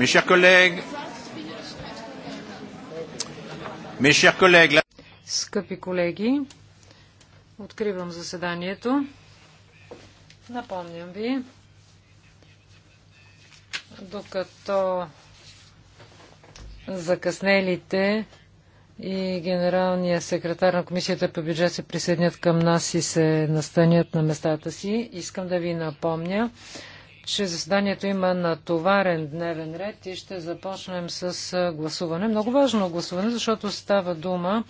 Mes chers collègues, mes chers collègues, la... Скъпи колеги, откривам заседанието. Напомням ви, докато закъснелите и генералния секретар на Комисията по бюджет се присъединят към нас и се настанят на местата си, искам да ви напомня, че заседанието има натоварен дневен ред и ще започнем с гласуване. Много важно гласуване, защото става дума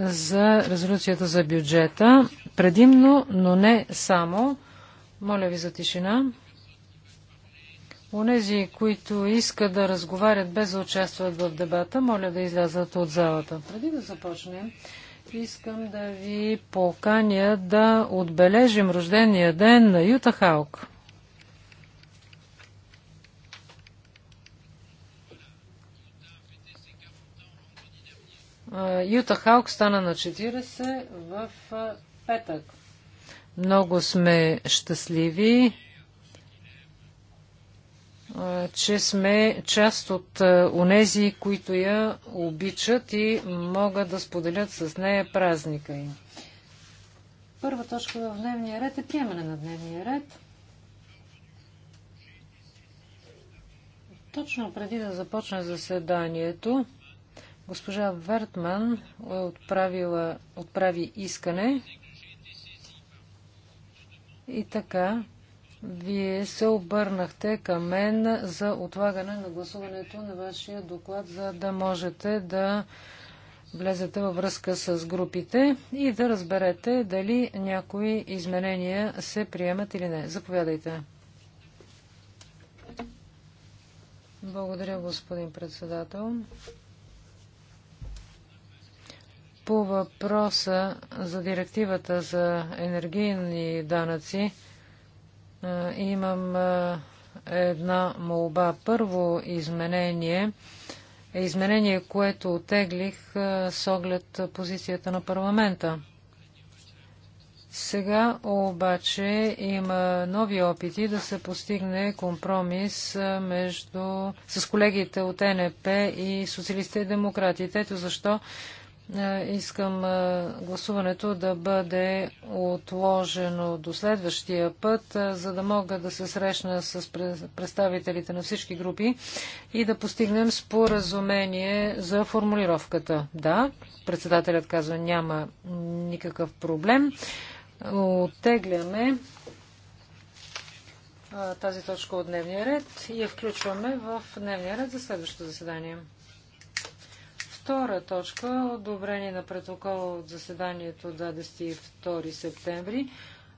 за резолюцията за бюджета. Предимно, но не само. Моля ви за тишина. Онези, които искат да разговарят без да участват в дебата, моля да излязат от залата. Преди да започнем, искам да ви поканя да отбележим рождения ден на Юта Халк. Юта Халк стана на 40 в петък. Много сме щастливи, че сме част от онези, които я обичат и могат да споделят с нея празника им. Първа точка в дневния ред е приемане на дневния ред. Точно преди да започне заседанието, Госпожа Вертман е отправила, отправи искане и така вие се обърнахте към мен за отлагане на гласуването на вашия доклад, за да можете да влезете във връзка с групите и да разберете дали някои изменения се приемат или не. Заповядайте. Благодаря, господин председател. По въпроса за директивата за енергийни данъци имам една молба. Първо изменение е изменение, което отеглих с оглед позицията на парламента. Сега обаче има нови опити да се постигне компромис между, с колегите от НП и социалистите и демократите. Ето защо е, искам е, гласуването да бъде отложено до следващия път, е, за да мога да се срещна с представителите на всички групи и да постигнем споразумение за формулировката. Да, председателят казва, няма никакъв проблем. Оттегляме тази точка от дневния ред и я включваме в дневния ред за следващото заседание. Втора точка – одобрение на протокол от заседанието 22 септември.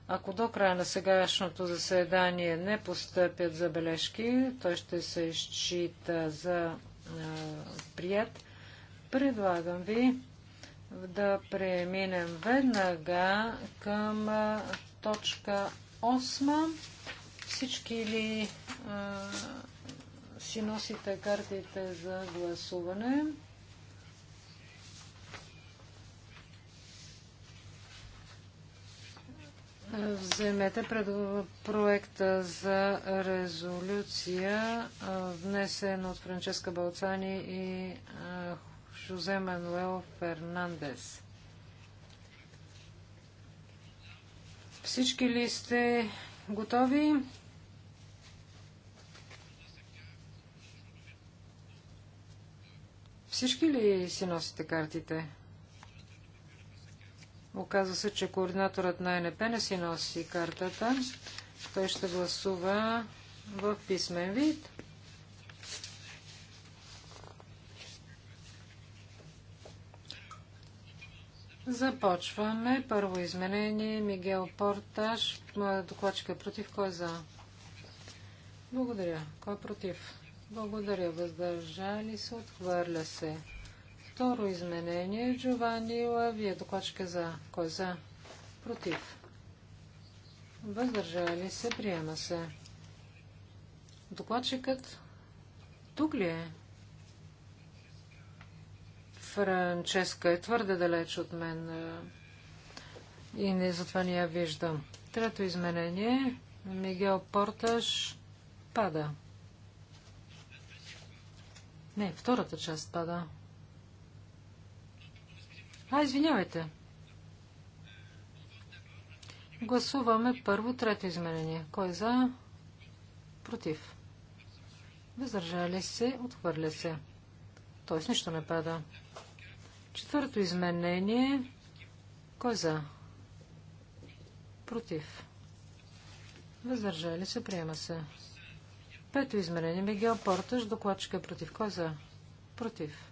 Ако до края на сегашното заседание не постъпят забележки, той ще се счита за прият. Предлагам ви да преминем веднага към точка 8. Всички ли си носите картите за гласуване? Вземете пред проекта за резолюция, внесен от Франческа Балцани и Жозе Мануел Фернандес. Всички ли сте готови? Всички ли си носите картите? Оказва се, че координаторът на НП не си носи картата. Той ще гласува в писмен вид. Започваме. Първо изменение. Мигел Порташ. Докладчика е против. Кой е за? Благодаря. Кой е против? Благодаря. Въздържали се. Отхвърля се. Второ изменение. Джовани Лавия. Докладчика за. Кой за? Против. Въздържали се. Приема се. Докладчикът тук ли е? Франческа е твърде далеч от мен и не, затова не я виждам. Трето изменение. Мигел Порташ пада. Не, втората част пада. А, извинявайте. Гласуваме първо трето изменение. Кой е за? Против. Въздържали се, отхвърля се. Тоест нищо не пада. Четвърто изменение. Кой е за? Против. Въздържали се, приема се. Пето изменение. Мигел Порташ, докладчика е против. Кой за? Против.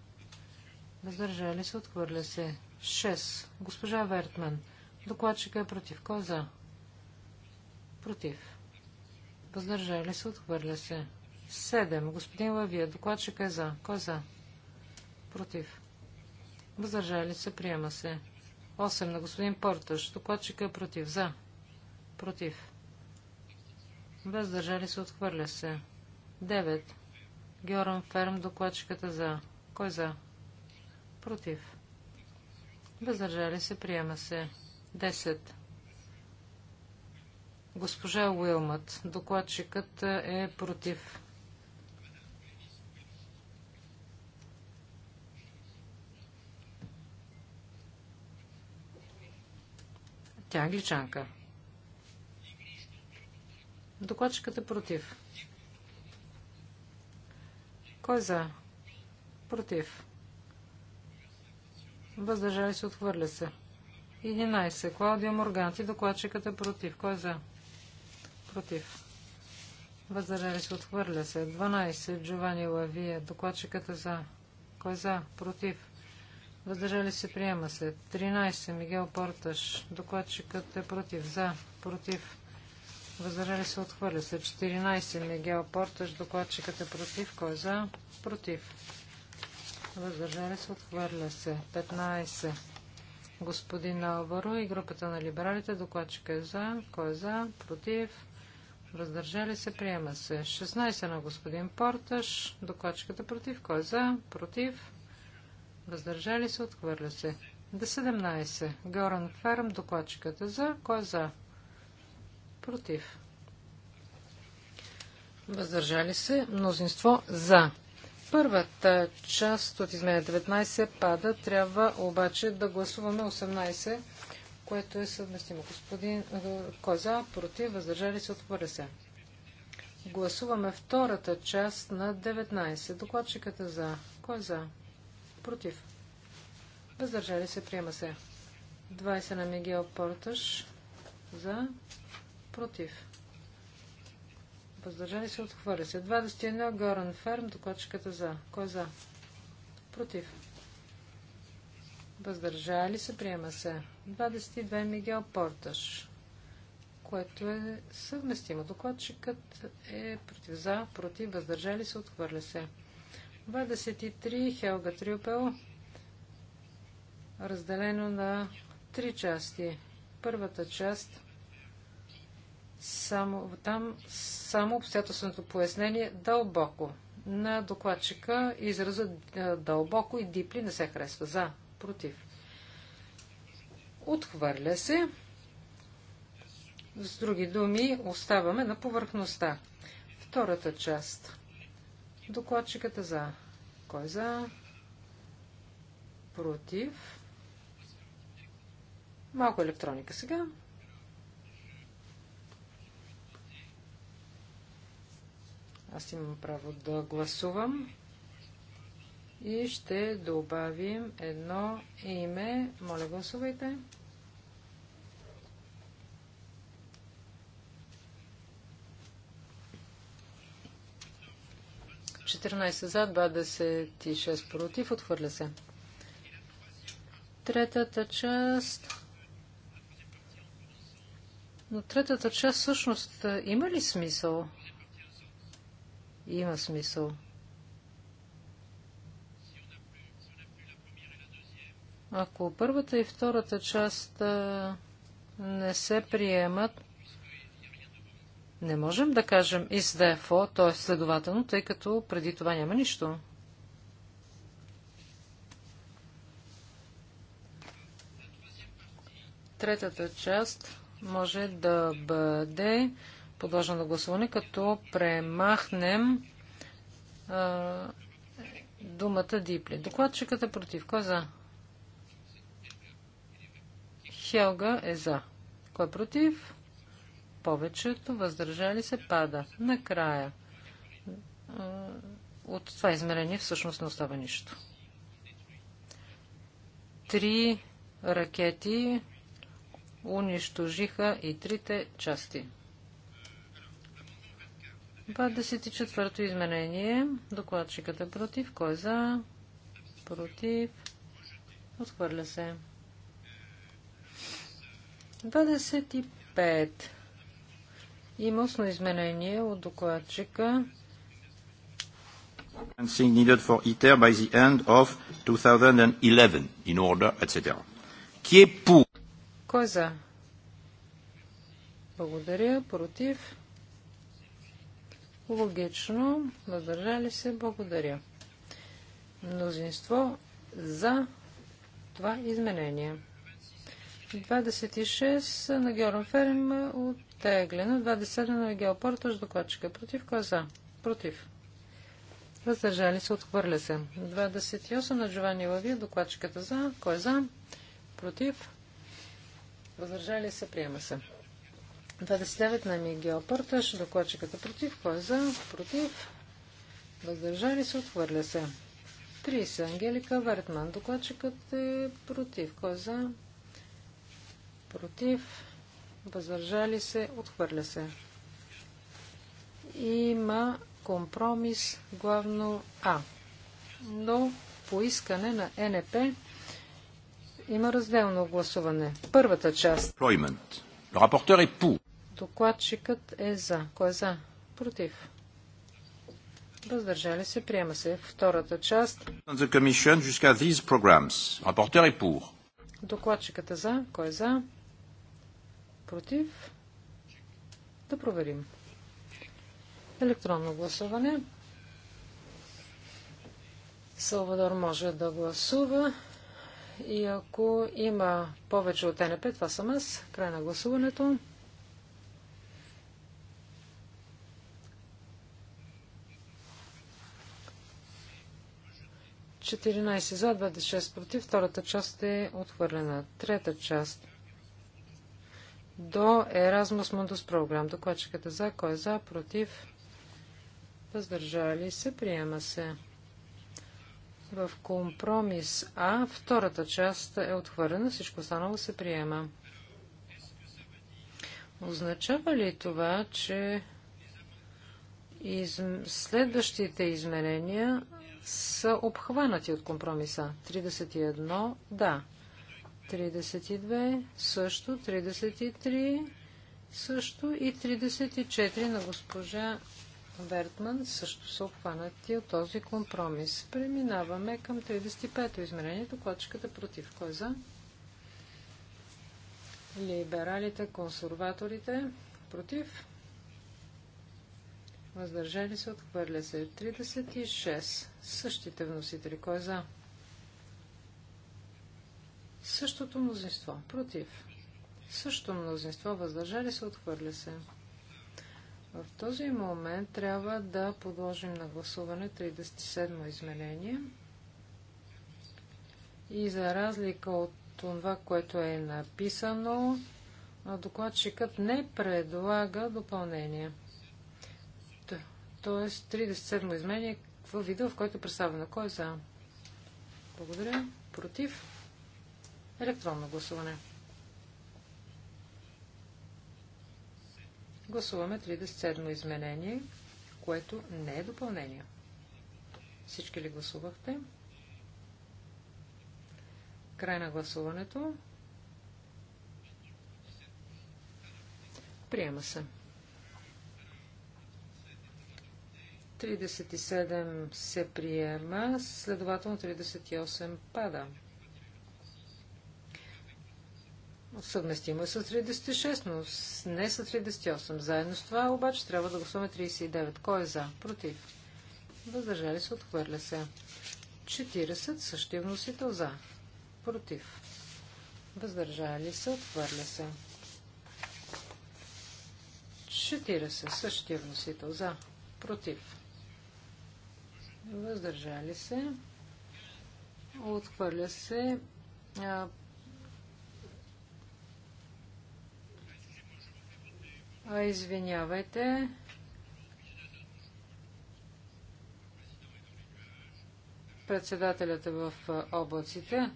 Въздържали се, отхвърля се. 6. Госпожа Вертман. Докладчика е против. Кой е за? Против. Въздържали се, отхвърля се. 7. Господин Лавия. Докладчика е за. Кой е за? Против. Въздържали се, приема се. 8. На господин Порташ. Докладчика е против. За. Против. Въздържали се, отхвърля се. 9. Георан Ферм. Докладчиката е за. Кой е за? Против. Въздържали се. Приема се. 10. Госпожа Уилмът. Докладчикът е против. Тя е англичанка. Докладчикът е против. Кой е за? Против. Въздържали се, отхвърля се. 11. Клаудио Морганти, докладчикът е против. Кой е за? Против. Въздържали се, отхвърля се. 12. Джовани Лавия, докладчикът е за. Кой е за? Против. Въздържали се, приема се. 13. Мигел Порташ, докладчикът е против. За. Против. Въздържали се, отхвърля се. 14. Мигел Порташ, докладчикът е против. Кой е за? Против въздържали се, отхвърля се. 15. Господин Алваро и групата на либералите, докладчика е за, кой е за, против, въздържали се, приема се. 16 на господин Порташ, докладчиката е против, кой е за, против, въздържали се, отхвърля се. 17. Горан Ферм, докладчиката е за, кой е за, против. Въздържали се, мнозинство за. Първата част от измене 19 пада. Трябва обаче да гласуваме 18, което е съвместимо. Господин е, Коза, е против, въздържали се, отхвърля се. Гласуваме втората част на 19. Докладчикът е за. Кой е за? Против. Въздържали се, приема се. 20 на Мигел Порташ. За. Против. Въздържали се, отхвърля се. 21. Горан Ферм, докладчиката за. Кой е за? Против. Въздържали се, приема се. 22. Мигел Порташ, което е съвместимо. Докладчикът е против за, против, въздържали се, отхвърля се. 23. Хелга Трюпел, разделено на три части. Първата част – само, там само обстоятелственото пояснение дълбоко. На докладчика изразът е, дълбоко и дипли не се харесва. За, против. Отхвърля се. С други думи, оставаме на повърхността. Втората част. Докладчиката за. Кой за? Против. Малко електроника сега. Аз имам право да гласувам. И ще добавим едно име. Моля, гласувайте. за, 26 против. Отхвърля се. Третата част. Но третата част всъщност има ли смисъл? Има смисъл. Ако първата и втората част не се приемат, не можем да кажем из дефо, т.е. следователно, тъй като преди това няма нищо. Третата част може да бъде подложа на гласуване, като премахнем а, думата дипли. Докладчикът е против. Кой е за? Хелга е за. Кой е против? Повечето въздържали се пада. Накрая. А, от това измерение всъщност не остава нищо. Три ракети унищожиха и трите части. 24-то изменение. Докладчикът е против. Кой е за? Против. Отхвърля се. 25. Има основно изменение от докладчика. Financing needed for ITER by the end of 2011 in order, etc. Кой е за? Благодаря. Против. Логично. Въздържали се. Благодаря. Мнозинство за това изменение. 26 на Георан от оттеглено. 27 на Гео Порташ докладчика. Против кой е за? Против. Въздържали се. Отхвърля се. 28 на Джовани Лави. Докладчиката за. Кой е за? Против. Въздържали се. Приема се. 29 на Мигел Пърташ, докладчиката е против, кой е за, против, въздържали се, отхвърля се. 30. Ангелика Вертман, докладчикът е против, кой е за, против, въздържали се, отхвърля се. Има компромис, главно А. Но по искане на НП има разделно гласуване. Първата част. Employment. Le rapporteur est pour. Докладчикът е за. Кой е за? Против. Въздържали се. Приема се. Втората част. Докладчикът е за. Кой е за? Против. Да проверим. Електронно гласуване. Салвадор може да гласува. И ако има повече от НП, това съм аз. Край на гласуването. 14 за, 26 против. Втората част е отхвърлена. Трета част до Еразмус Мондус програм. Докладчиката за, кой е за, против, въздържали се, приема се. В компромис А втората част е отхвърлена, всичко останало се приема. Означава ли това, че из... следващите изменения са обхванати от компромиса. 31, да. 32, също. 33, също. И 34 на госпожа Вертман също са обхванати от този компромис. Преминаваме към 35-то измерение. Докладчиката против. Кой е за? Либералите, консерваторите против. Въздържали се, отхвърля се. 36. Същите вносители. Кой е за? Същото мнозинство. Против. Същото мнозинство. Въздържали се, отхвърля се. В този момент трябва да подложим на гласуване 37 изменение. И за разлика от това, което е написано, докладчикът не предлага допълнение. Т.е. 37 изменение в вида, в който е представено. Кой е за? Благодаря. Против? Електронно гласуване. Гласуваме 37 изменение, което не е допълнение. Всички ли гласувахте? Край на гласуването. Приема се. 37 се приема, следователно 38 пада. Съвместимо е с 36, но не с 38. Заедно с това обаче трябва да гласуваме 39. Кой е за? Против. Въздържали се, отхвърля се. 40 същия вносител за. Против. Въздържали се, отхвърля се. 40 същия вносител за. Против въздържали се, отхвърля се. А, а извинявайте. Председателят е в облаците.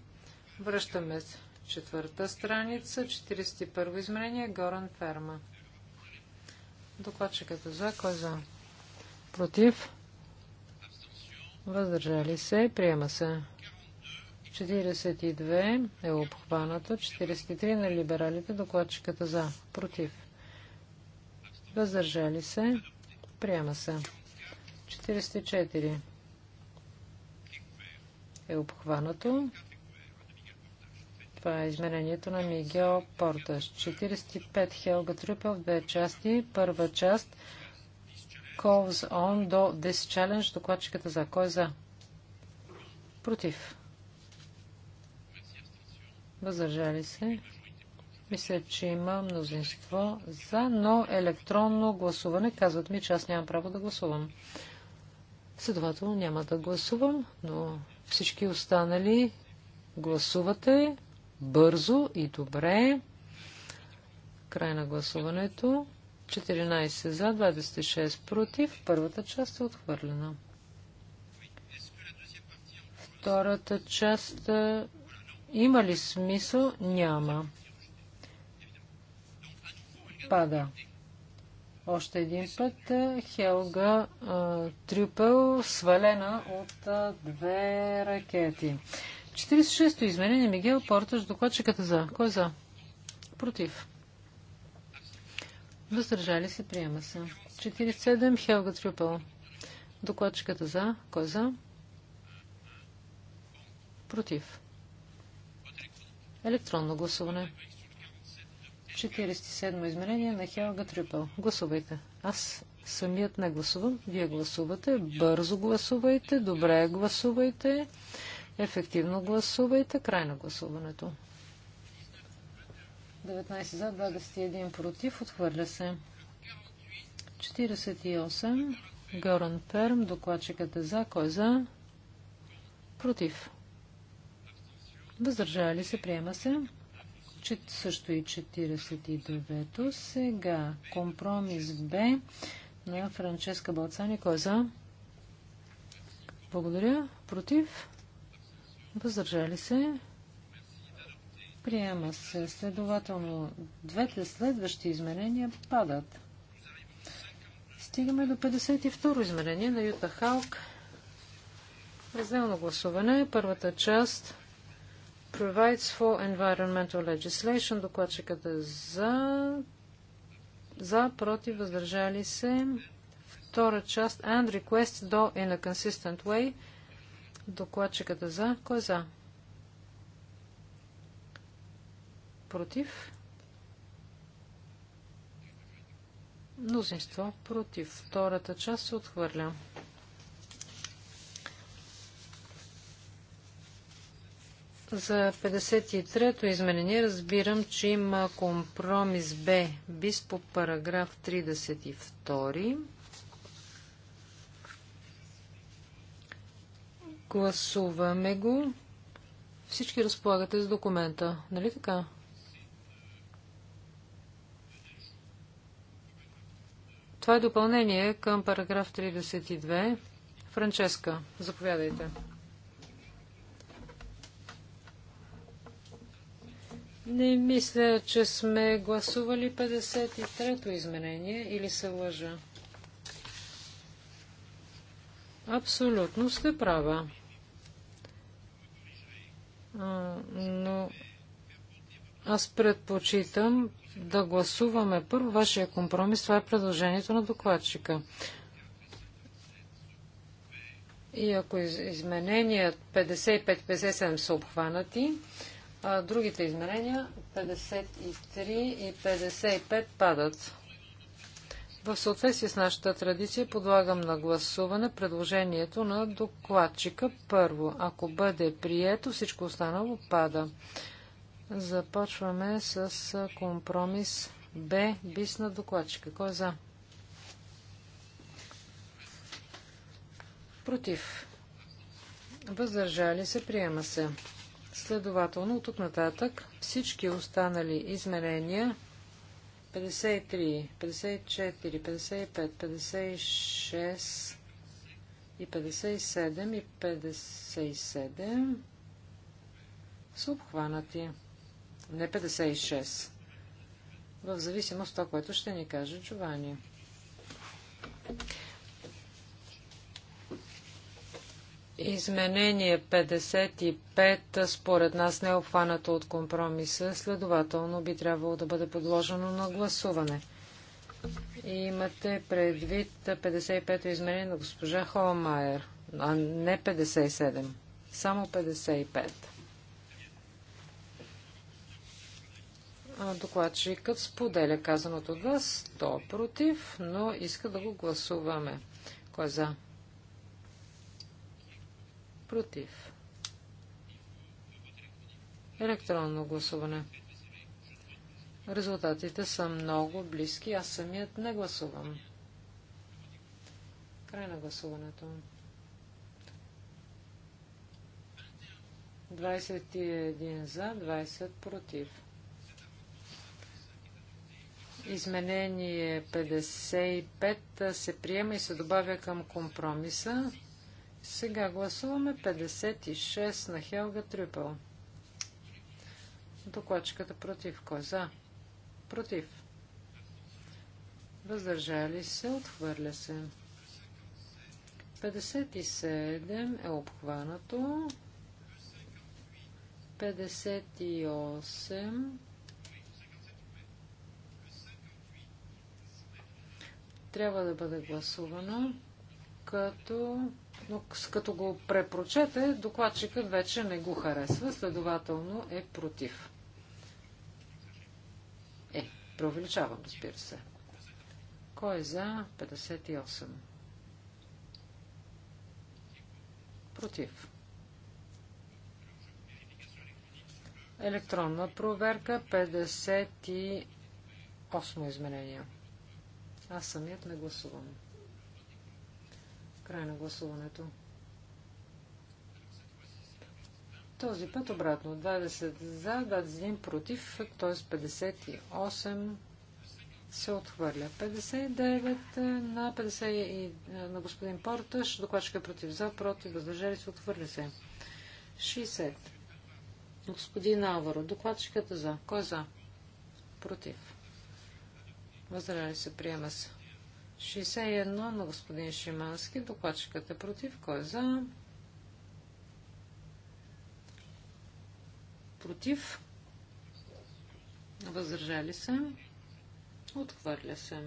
Връщаме Четвърта страница, 41 измерение, Горан Ферма. Докладчиката е за, кой е за? Против? Въздържали се. Приема се. 42 е обхваната. 43 на либералите. Докладчиката за. Против. Въздържали се. Приема се. 44 е обхванато. Това е изменението на Мигел Порташ. 45 Хелга Трюпел в две части. Първа част – Calls On до This Challenge. Докладчиката за. Кой е за? Против. Въздържали се. Мисля, че има мнозинство за, но електронно гласуване. Казват ми, че аз нямам право да гласувам. Следователно няма да гласувам, но всички останали гласувате бързо и добре. Край на гласуването. 14 за, 26 против. Първата част е отхвърлена. Втората част е, има ли смисъл? Няма. Пада. Още един път е, Хелга а, е, Трюпел, свалена от а, две ракети. 46-то изменение Мигел Порташ, докладчиката за. Кой за? Против. Въздържали се, приема се. 47. Хелга Трюпел. Докладчиката за. Кой за? Против. Електронно гласуване. 47 измерение на Хелга Трюпел. Гласувайте. Аз самият не гласувам. Вие гласувате. Бързо гласувайте. Добре гласувайте. Ефективно гласувайте. Край на гласуването. 19 за, 21 против. Отхвърля се. 48. Горан Перм. Докладчикът е за. Кой е за? Против. Въздържали се. Приема се. Чет, също и 49-то. Сега компромис Б на Франческа Балцани. Кой е за? Благодаря. Против. Въздържали се. Приема се. Следователно, двете следващи измерения падат. Стигаме до 52-ро измерение на Юта Халк. Разделно гласуване. Първата част Provides for Environmental Legislation. Докладчикът е за, за против, въздържали се. Втора част And Request Do in a Consistent Way. Докладчикът е за. Кой е за? против. Мнозинство против. Втората част се отхвърля. За 53-то изменение разбирам, че има компромис Б БИС по параграф 32. Гласуваме го. Всички разполагате с документа, нали така? Това е допълнение към параграф 32. Франческа, заповядайте. Не мисля, че сме гласували 53-то изменение или се лъжа. Абсолютно сте права. А, но аз предпочитам да гласуваме първо вашия компромис. Това е предложението на докладчика. И ако изменения 55-57 са обхванати, а другите изменения 53 и 55 падат. В съответствие с нашата традиция подлагам на гласуване предложението на докладчика първо. Ако бъде прието, всичко останало пада. Започваме с компромис Б, бис на докладчика. Кой е за? Против. Въздържали се, приема се. Следователно, тук нататък всички останали изменения 53, 54, 55, 56 и 57 и 57 са обхванати не 56. В зависимост от това, което ще ни каже Джовани. Изменение 55 според нас не е обхванато от компромиса, следователно би трябвало да бъде подложено на гласуване. И имате предвид 55-то изменение на госпожа Холмайер, а не 57, само 55. Докладчикът споделя казаното от вас. То е против, но иска да го гласуваме. Кой е за? Против. Електронно гласуване. Резултатите са много близки. Аз самият не гласувам. Край на гласуването. 21 за, 20 против. Изменение 55 се приема и се добавя към компромиса. Сега гласуваме 56 на Хелга Трюпел. Докладчиката против. Кой за? Против. Въздържали се, отхвърля се. 57 е обхванато. 58 трябва да бъде гласувано, като, но, като го препрочете, докладчикът вече не го харесва, следователно е против. Е, преувеличавам, разбира се. Кой е за 58? Против. Електронна проверка 58 изменения. Аз самият не гласувам. Край на гласуването. Този път обратно. 20 за, 21 против, т.е. 58 се отхвърля. 59 на 50 и на господин Порташ. Докладчика е против за, против, въздържали се, отхвърля се. 60. Господин Аваро. Докладчиката за. Кой е за? Против. Въздържали се. Приема се. 61 на господин Шимански. Докладчикът е против. Кой е за? Против. Въздържали се. Отхвърля се.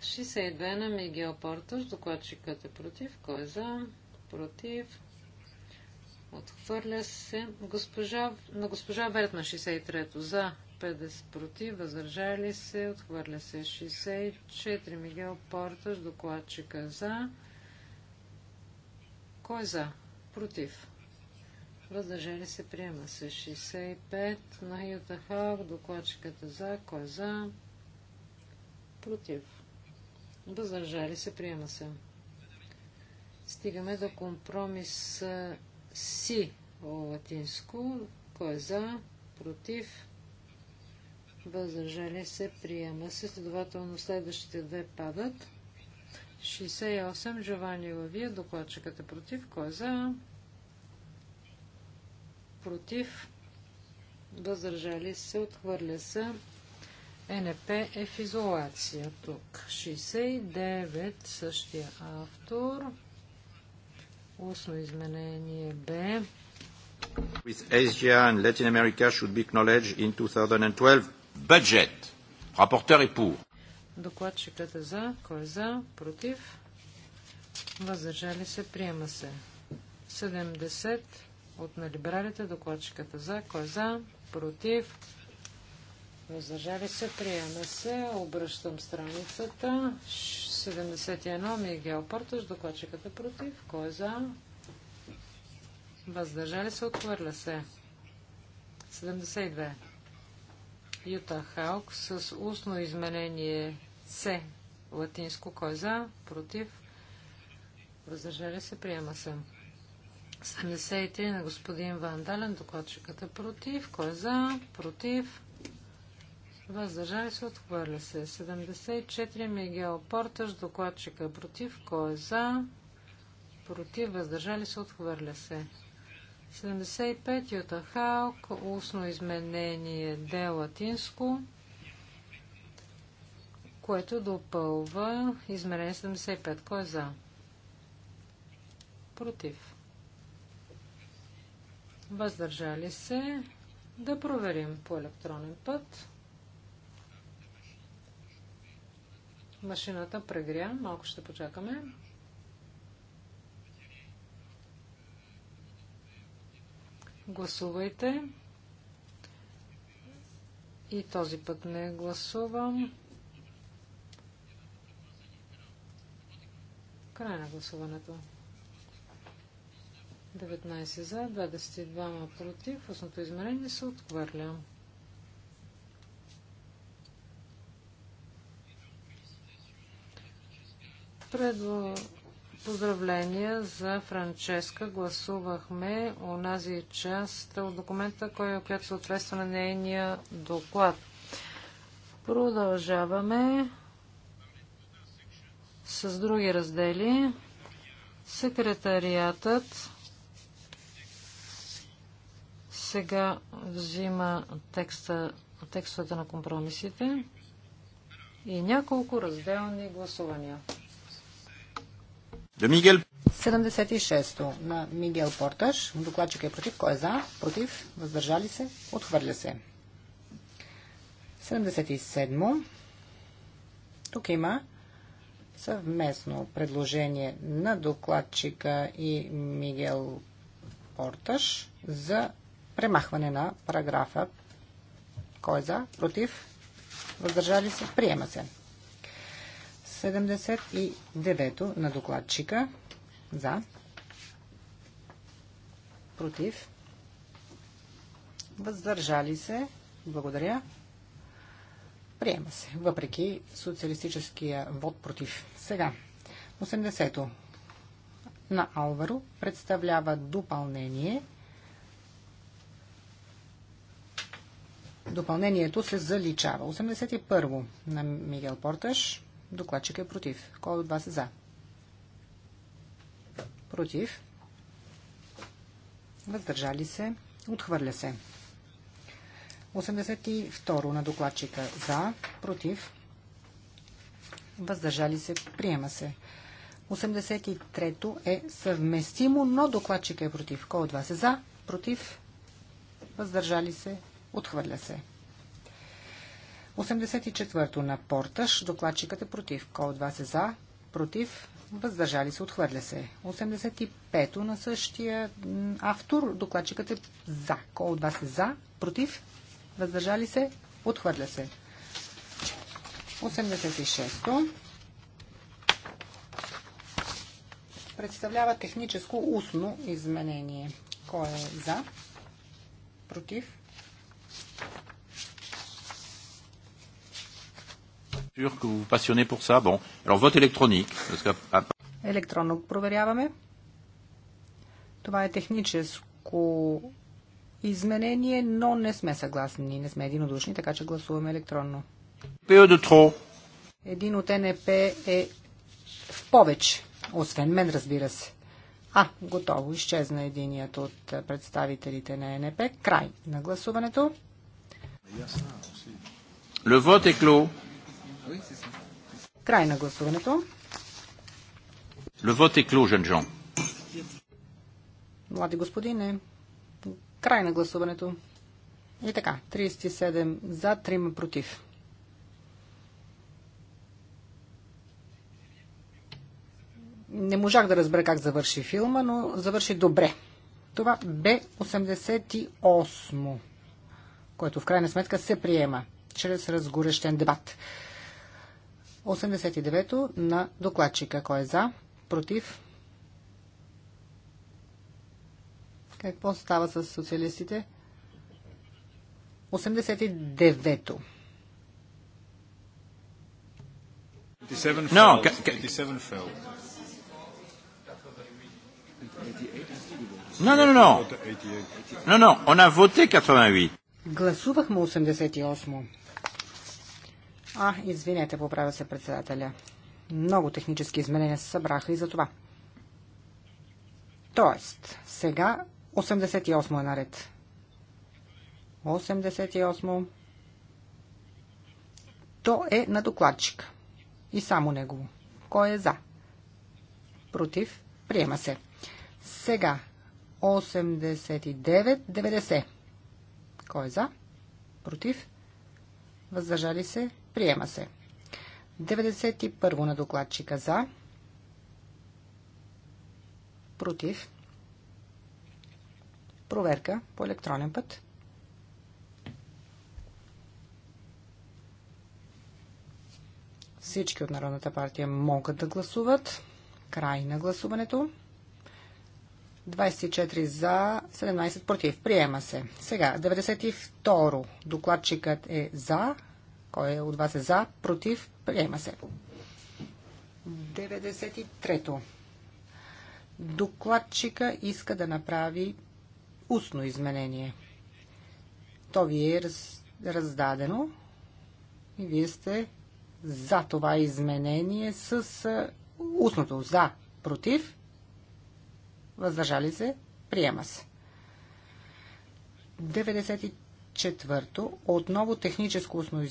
62 на Мигел Порташ. Докладчикът е против. Кой е за? Против. Отхвърля се. Госпожа, на госпожа Вертна 63-то за. 50 против, въздържали се, отхвърля се 64. Мигел Порташ, докладчика е за. Кой е за? Против. Въздържали се, приема се 65. На Юта Хаук, докладчиката е за. Кой за? Против. Въздържали се, приема се. Стигаме до компромис си латинско. Кой е за? Против? въздържали се, приема се. Следователно следващите две падат. 68. Джовани Лавия. Докладчикът е против. Кой е за? Против. Въздържали се. Отхвърля се. НП е в изолация. Тук 69. Същия автор. Устно изменение Б. With Asia and Latin America should be acknowledged in 2012 Бюджет. Рапортер е пур. Докладчикът е за. Кой е за? Против? Въздържали се. Приема се. 70 от на либералите. Докладчикът е за. Кой е за? Против? Въздържали се. Приема се. Обръщам страницата. 71. Мигел Портош. Докладчикът е против. Кой е за? Въздържали се. Отхвърля се. 72. Юта Халк с устно изменение С, латинско, кой е за, против, въздържали се, приема се. 73 на господин Вандален, докладчиката против, кой е за, против, въздържали се, отхвърля се. 74 Мигел Порташ, докладчика против, кой е за, против, въздържали се, отхвърля се. 75 Юта Халк, устно изменение Д латинско, което допълва изменение 75. Кой е за? Против. Въздържали се. Да проверим по електронен път. Машината прегря. Малко ще почакаме. Гласувайте. И този път не гласувам. Край на гласуването. 19 за, 22 против. Осното измерение се отхвърля. Предво Поздравления за Франческа. Гласувахме онази част от документа, която съответства на нейния доклад. Продължаваме с други раздели. Секретариатът сега взима текста, текстовете на компромисите и няколко разделни гласувания. 76-то на Мигел Порташ. Докладчик е против. Кой е за? Против. Въздържали се. Отхвърля се. 77-мо. Тук има съвместно предложение на докладчика и Мигел Порташ за премахване на параграфа. Кой е за? Против? Въздържали се? Приема се. 79 то на докладчика. За. Против. Въздържали се. Благодаря. Приема се, въпреки социалистическия вод против. Сега, 80-то на Алваро представлява допълнение. Допълнението се заличава. 81-во на Мигел Порташ Докладчик е против. Кой от вас е за? Против. Въздържали се. Отхвърля се. 82 на докладчика за, против, въздържали се, приема се. 83-то е съвместимо, но докладчика е против. Кой от вас е за, против, въздържали се, отхвърля се. 84-то на Порташ. Докладчикът е против. Кол 2 се за? Против. Въздържали се. Отхвърля се. 85-то на същия автор. Докладчикът е за. Кол 2 се за? Против. Въздържали се. Отхвърля се. 86-то. Представлява техническо устно изменение. Кой е за? Против. sûr que vous vous passionnez pour ça. Bon, alors vote électronique. Ah, електронно проверяваме. Това е техническо изменение, но не сме съгласни, не сме единодушни, така че гласуваме електронно. E Един от НП е в повече, освен мен, разбира се. А, готово, изчезна единият от представителите на НП. Край на гласуването. Le vote est clos. Край на гласуването. Le vote est clos, jeune gens. Млади господине, край на гласуването. И така, 37 за, 3 против. Не можах да разбера как завърши филма, но завърши добре. Това Б-88, което в крайна сметка се приема чрез разгорещен дебат. 89-то на докладчика. Кой е за? Против? Какво става с социалистите? 89-то. No, Non, non, non. Non, non, on a voté 88. Гласувахме 88. мо а, извинете, поправя се председателя. Много технически изменения се събраха и за това. Тоест, сега 88 е наред. 88 то е на докладчик. И само негово. Кой е за? Против? Приема се. Сега 89-90. Кой е за? Против? Въздържали се? Приема се. 91 на докладчика за. Против. Проверка по електронен път. Всички от Народната партия могат да гласуват. Край на гласуването. 24 за, 17 против. Приема се. Сега, 92. Докладчикът е за. Кой е от вас е за? Против? Приема се. 93-то. Докладчика иска да направи устно изменение. То ви е раз, раздадено и вие сте за това изменение с устното за, против, въздържали се, приема се. Четвърто, отново техническо устно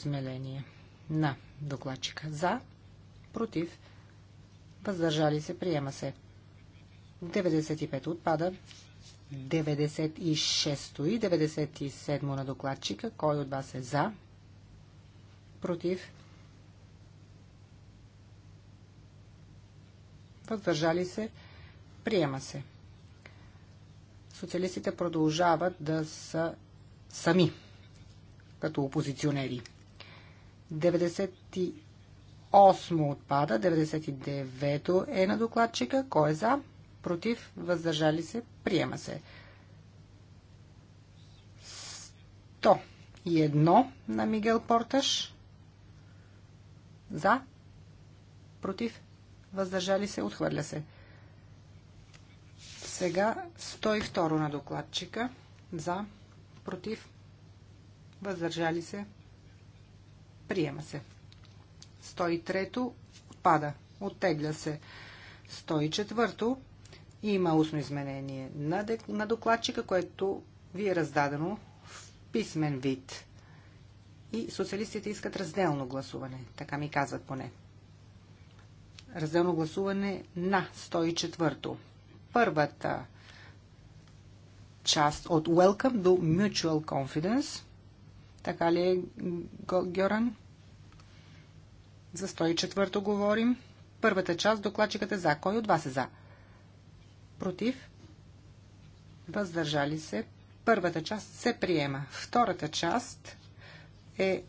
на докладчика. За, против, въздържали се, приема се. 95 отпада. 96 и 97 на докладчика. Кой от вас е за? Против? Въздържали се? Приема се. Социалистите продължават да са сами, като опозиционери. 98 отпада, 99 е на докладчика. Кой е за? Против? Въздържали се? Приема се. 101 на Мигел Порташ. За? Против? Въздържали се? Отхвърля се. Сега 102 на докладчика. За? против, въздържали се, приема се. 103 пада, оттегля се. 104 има устно изменение на, на докладчика, което ви е раздадено в писмен вид. И социалистите искат разделно гласуване, така ми казват поне. Разделно гласуване на 104 Първата част от Welcome до Mutual Confidence. Така ли е, Гьоран? За 104-то говорим. Първата част докладчикът е за. Кой от вас е за? Против? Въздържали се. Първата част се приема. Втората част е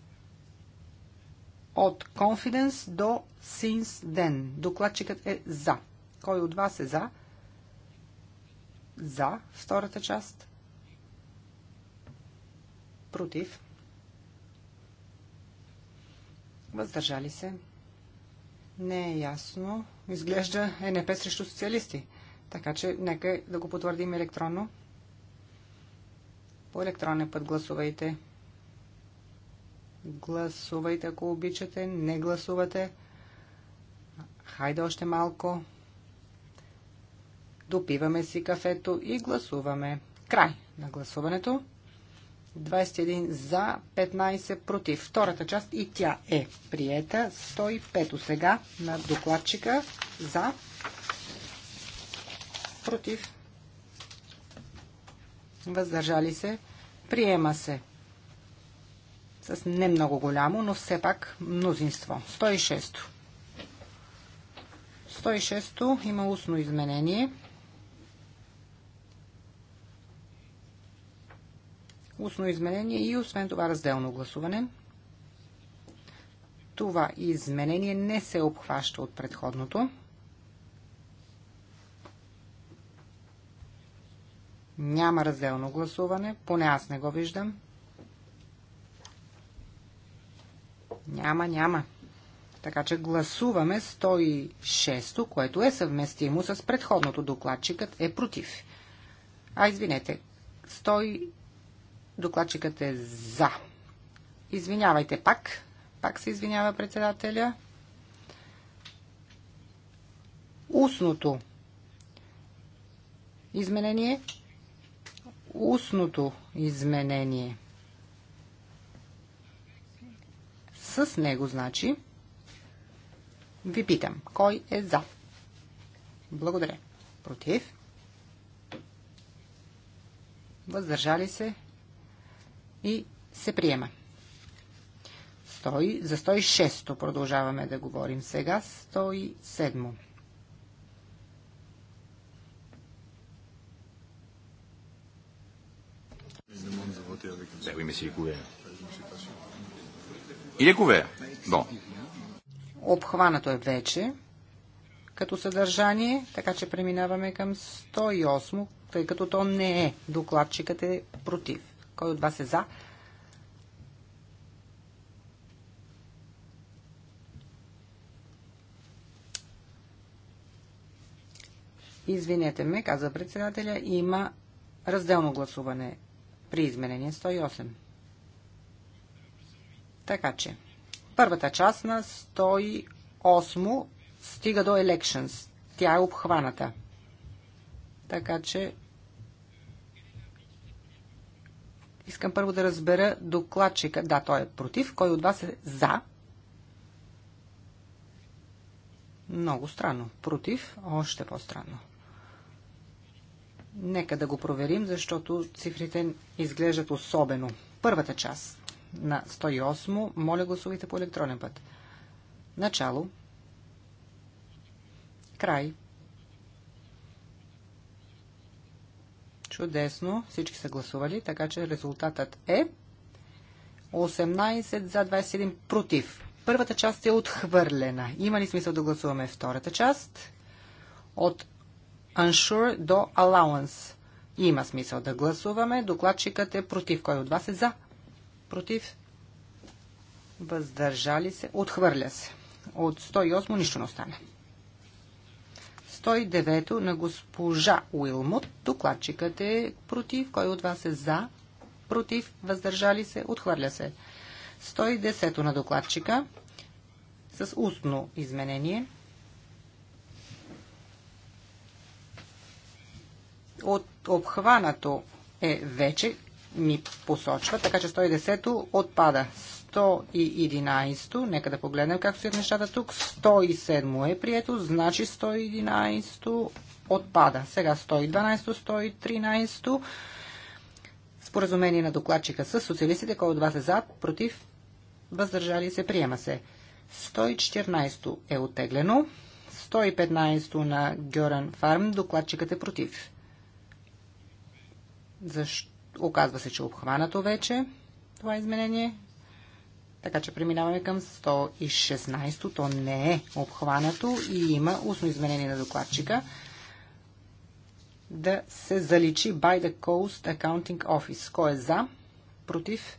от Confidence до Since Then. Докладчикът е за. Кой от вас е за? За втората част. Против. Въздържали се. Не е ясно. Изглежда ЕНП срещу социалисти. Така че нека да го потвърдим електронно. По електронен път гласувайте. Гласувайте, ако обичате. Не гласувате. Хайде още малко допиваме си кафето и гласуваме. Край на гласуването. 21 за, 15 против. Втората част и тя е приета. 105 сега на докладчика за, против, въздържали се, приема се с не много голямо, но все пак мнозинство. 106. 106 има устно изменение. устно изменение и освен това разделно гласуване. Това изменение не се обхваща от предходното. Няма разделно гласуване, поне аз не го виждам. Няма, няма. Така че гласуваме 106, което е съвместимо с предходното докладчикът е против. А, извинете, Докладчикът е за. Извинявайте пак. Пак се извинява председателя. Устното изменение. Устното изменение. С него, значи, ви питам, кой е за? Благодаря. Против? Въздържали се? и се приема. Стой, за 106 то продължаваме да говорим сега. 107. мо И лекове. Но. Обхванато е вече като съдържание, така че преминаваме към 108, тъй като то не е. Докладчикът е против. Кой от вас е за? Извинете ме, каза председателя, има разделно гласуване при изменение 108. Така че, първата част на 108 стига до elections. Тя е обхваната. Така че Искам първо да разбера докладчика. Да, той е против. Кой от вас е за? Много странно. Против? Още по-странно. Нека да го проверим, защото цифрите изглеждат особено. Първата част на 108. Моля гласовите по електронен път. Начало. Край. Чудесно, всички са гласували, така че резултатът е 18 за 27 против. Първата част е отхвърлена. Има ли смисъл да гласуваме втората част? От unsure до allowance. Има смисъл да гласуваме. Докладчикът е против. Кой от вас е за? Против? Въздържали се? Отхвърля се. От 108 нищо не остане. 109 на госпожа Уилмут. Докладчикът е против. Кой от вас е за? Против. Въздържали се. Отхвърля се. 110 на докладчика с устно изменение. От обхванато е вече ми посочва, така че 110 отпада. 111, нека да погледнем как стоят нещата тук, 107 е прието, значи 111 отпада. Сега 112, 113, споразумение на докладчика с социалистите, кой от вас е за, против, въздържали се, приема се. 114 е оттеглено, 115 на Гьорен Фарм, докладчикът е против. Защо? Оказва се, че е обхванато вече това изменение. Така че преминаваме към 116-то. То не е обхванато и има устно изменение на докладчика да се заличи by the Coast Accounting Office. Кой е за? Против?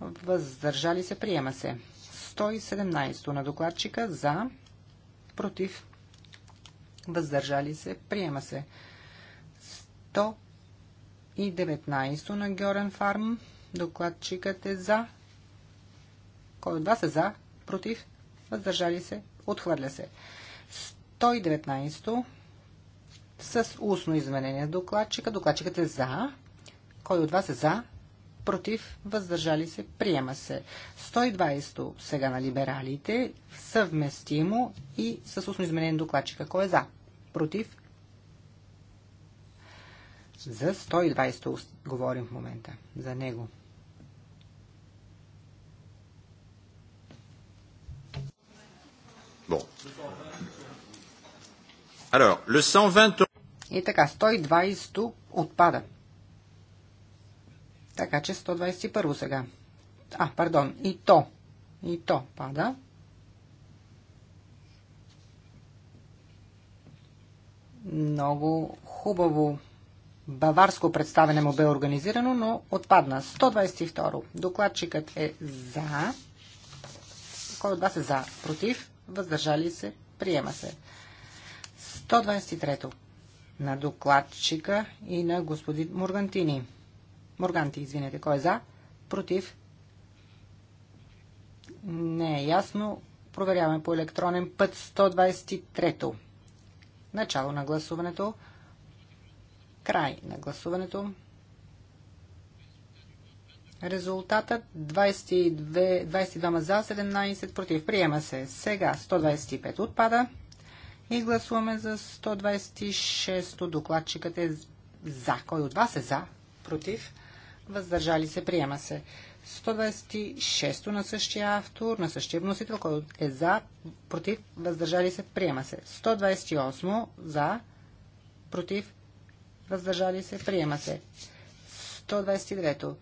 Въздържали се? Приема се. 117 на докладчика за, против, въздържали се, приема се. 119 на Георен Фарм, докладчикът е за, кой от вас е за? Против? Въздържали се? Отхвърля се. 119 с устно изменение докладчика. Докладчикът е за. Кой от вас е за? Против? Въздържали се? Приема се. 120 сега на либералите. Съвместимо и с устно изменение докладчика. Кой е за? Против? За 120 говорим в момента. За него. Bon. Alors, le 120... И така, 120 отпада. Така че 121 сега. А, пардон, и то. И то пада. Много хубаво баварско представене му бе организирано, но отпадна. 122. Докладчикът е за. Кой от вас е за? Против? въздържали се, приема се. 123 на докладчика и на господин Моргантини. Морганти, извинете, кой е за? Против? Не е ясно. Проверяваме по електронен път 123-то. Начало на гласуването. Край на гласуването. Резултатът 22, 22 за, 17 против. Приема се. Сега 125 отпада и гласуваме за 126 Докладчикът е за. Кой от вас е за? Против? Въздържали се. Приема се. 126 на същия автор, на същия вносител, който е за, против, въздържали се, приема се. 128 за, против, въздържали се, приема се. 129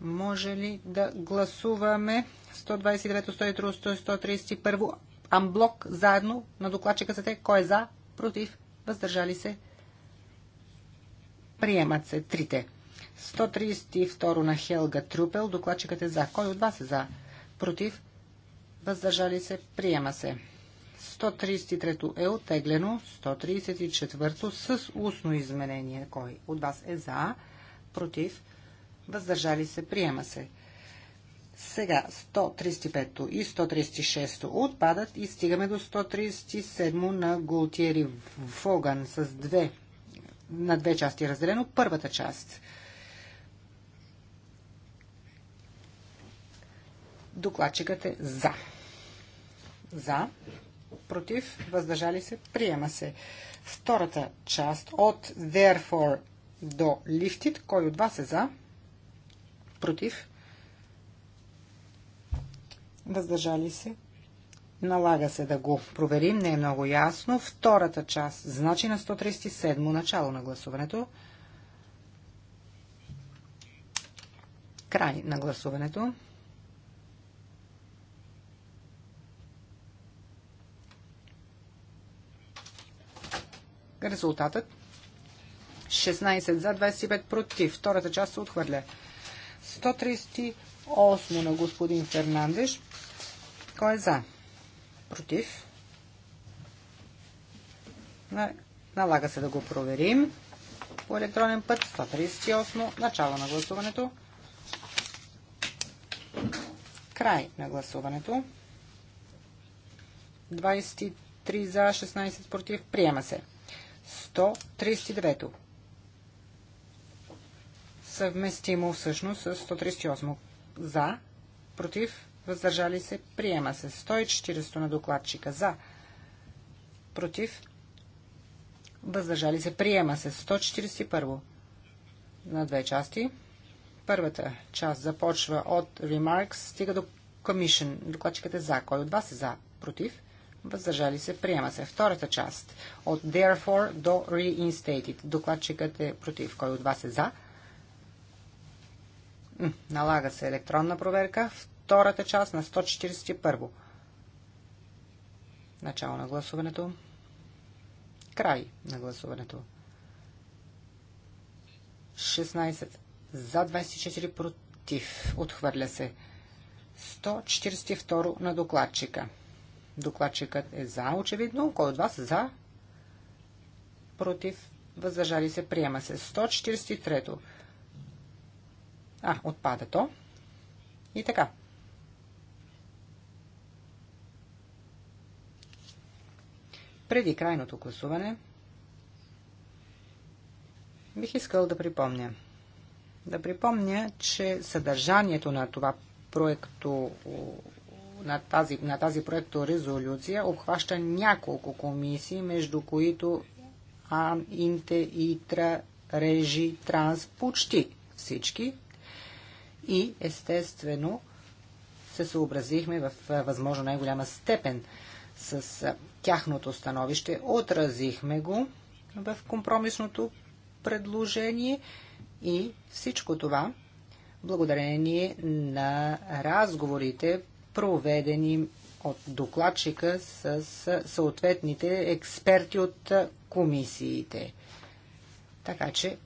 може ли да гласуваме 129, 130, 131 амблок заедно на докладчика за те? Кой е за? Против? Въздържали се? Приемат се трите. 132 на Хелга Трюпел. Докладчикът е за. Кой от вас е за? Против? Въздържали се? Приема се. 133 е отеглено. 134 с устно изменение. Кой от вас е за? Против? въздържали се, приема се. Сега 135 и 136 отпадат и стигаме до 137 на Голтиери Воган с две, на две части разделено. Първата част. Докладчикът е за. За. Против. Въздържали се. Приема се. Втората част от therefore до lifted. Кой от вас е за? За против, въздържали се. Налага се да го проверим, не е много ясно. Втората част, значи на 137 начало на гласуването. Край на гласуването. Резултатът 16 за 25 против. Втората част се отхвърля. 138 на господин Фернандеш. Кой е за? Против? Налага се да го проверим. По електронен път 138. Начало на гласуването. Край на гласуването. 23 за, 16 против. Приема се. 139 съвместимо всъщност с 138 за, против, въздържали се, приема се. 140 на докладчика за, против, въздържали се, приема се. 141 на две части. Първата част започва от Remarks, стига до Commission. Докладчикът е за. Кой от вас е за? Против? Въздържали се, приема се. Втората част от Therefore до Reinstated. Докладчикът е против. Кой от вас е за? Налага се електронна проверка. Втората част на 141. Начало на гласуването. Край на гласуването. 16 за 24 против. Отхвърля се. 142 на докладчика. Докладчикът е за, очевидно. Кой от вас за? Против. Въздържали се. Приема се. 143. А, отпада то. И така. Преди крайното гласуване бих искал да припомня. Да припомня, че съдържанието на това проекто на тази, на тази проекто резолюция обхваща няколко комисии, между които АН, Инте, ИТРА, Режи, Транс, почти всички и естествено се съобразихме в възможно най-голяма степен с тяхното становище. Отразихме го в компромисното предложение и всичко това благодарение на разговорите, проведени от докладчика с съответните експерти от комисиите. Така че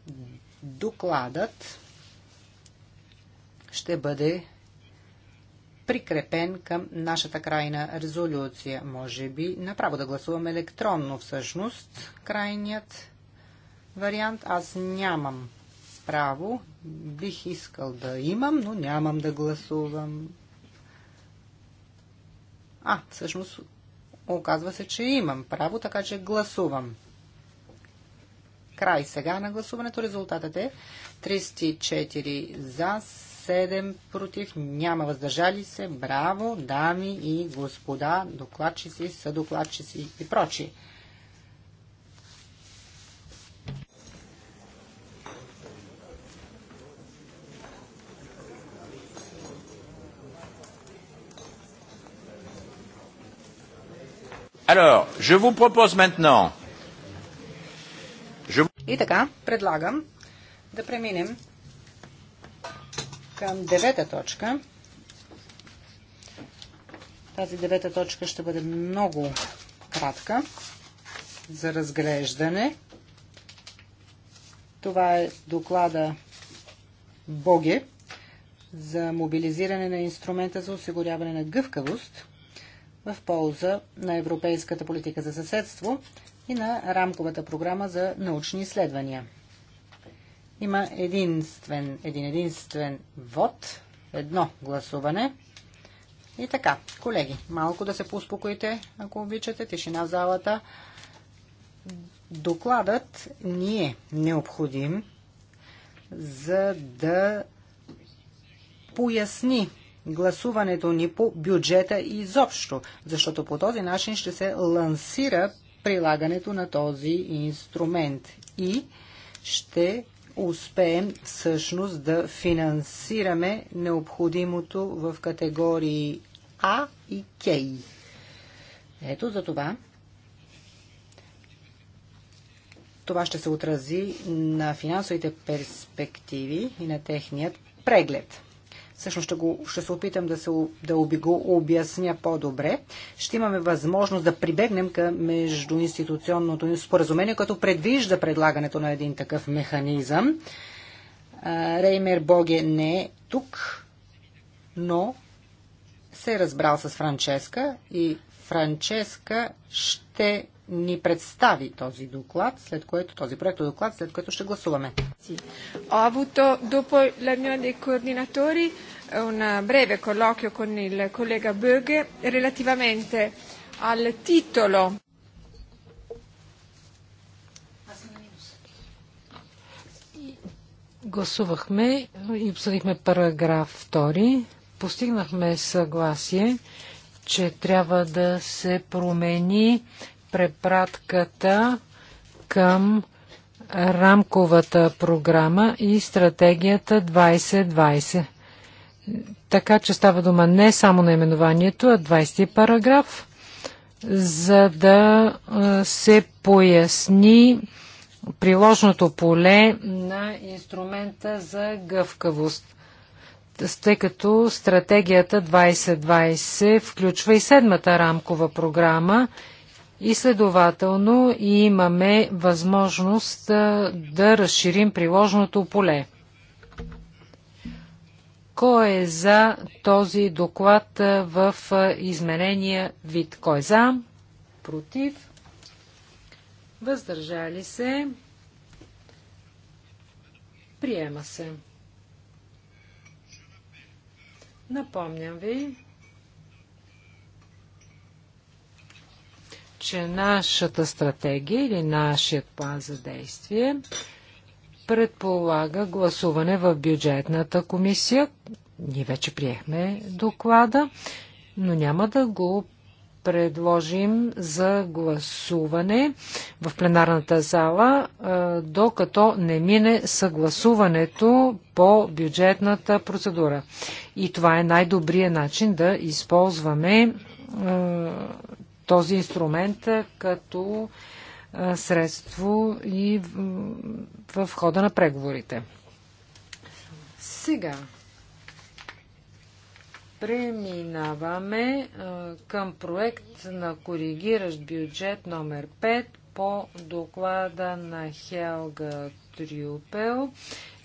докладът ще бъде прикрепен към нашата крайна резолюция. Може би направо да гласувам електронно всъщност крайният вариант. Аз нямам право, бих искал да имам, но нямам да гласувам. А, всъщност оказва се, че имам право, така че гласувам. Край сега на гласуването. Резултатът е 34 за, 7 против, няма въздържали се. Браво, дами и господа, докладчици, съдокладчици и прочи. Alors, je vous propose maintenant. Je... И така, предлагам да преминем към девета точка. Тази девета точка ще бъде много кратка за разглеждане. Това е доклада Боге за мобилизиране на инструмента за осигуряване на гъвкавост в полза на европейската политика за съседство и на рамковата програма за научни изследвания. Има единствен, един единствен вод, едно гласуване. И така, колеги, малко да се поуспокоите, ако обичате, тишина в залата. Докладът ни е необходим, за да поясни гласуването ни по бюджета изобщо, защото по този начин ще се лансира прилагането на този инструмент и ще успеем всъщност да финансираме необходимото в категории А и К. Ето за това. Това ще се отрази на финансовите перспективи и на техният преглед всъщност ще, го, ще се опитам да, се, да го обясня по-добре, ще имаме възможност да прибегнем към междуинституционното споразумение, което предвижда предлагането на един такъв механизъм. Реймер Боге не е тук, но се е разбрал с Франческа и Франческа ще ни представи този доклад, след което този проект е доклад, след което ще гласуваме. Авото, допо dopo la un breve colloquio con il collega Böge relativamente al titolo. Гласувахме и обсъдихме параграф 2. Постигнахме съгласие, че трябва да се промени препратката към рамковата програма и стратегията 2020. Така че става дума не само наименованието, а 20 параграф, за да се поясни приложното поле на инструмента за гъвкавост тъй като стратегията 2020 включва и седмата рамкова програма и следователно имаме възможност да, да разширим приложното поле. Кой е за този доклад в изменения вид? Кой е за? Против? Въздържали се? Приема се. Напомням ви, че нашата стратегия или нашият план за действие предполага гласуване в бюджетната комисия. Ние вече приехме доклада, но няма да го предложим за гласуване в пленарната зала, докато не мине съгласуването по бюджетната процедура. И това е най-добрият начин да използваме този инструмент като средство и в хода на преговорите. Сега преминаваме към проект на коригиращ бюджет номер 5 по доклада на Хелга Трюпел,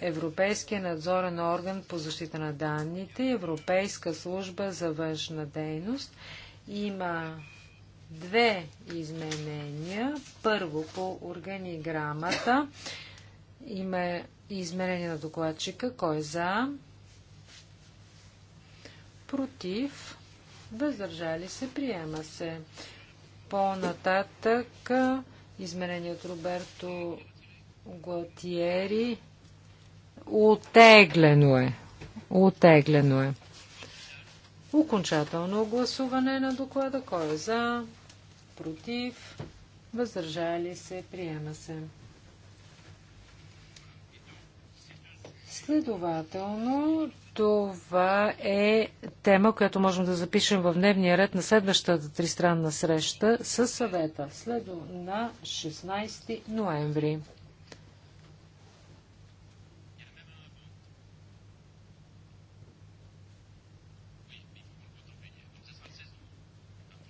Европейския надзорен орган по защита на данните, Европейска служба за външна дейност. Има две изменения. Първо по органиграмата има изменение на докладчика. Кой е за? Против? Въздържали се? Приема се. По-нататък изменение от Роберто Готиери. Отеглено е. Отеглено е. Окончателно гласуване на доклада. Кой е за? Против? Въздържали се? Приема се. Следователно, това е тема, която можем да запишем в дневния ред на следващата тристранна среща с съвета следо на 16 ноември.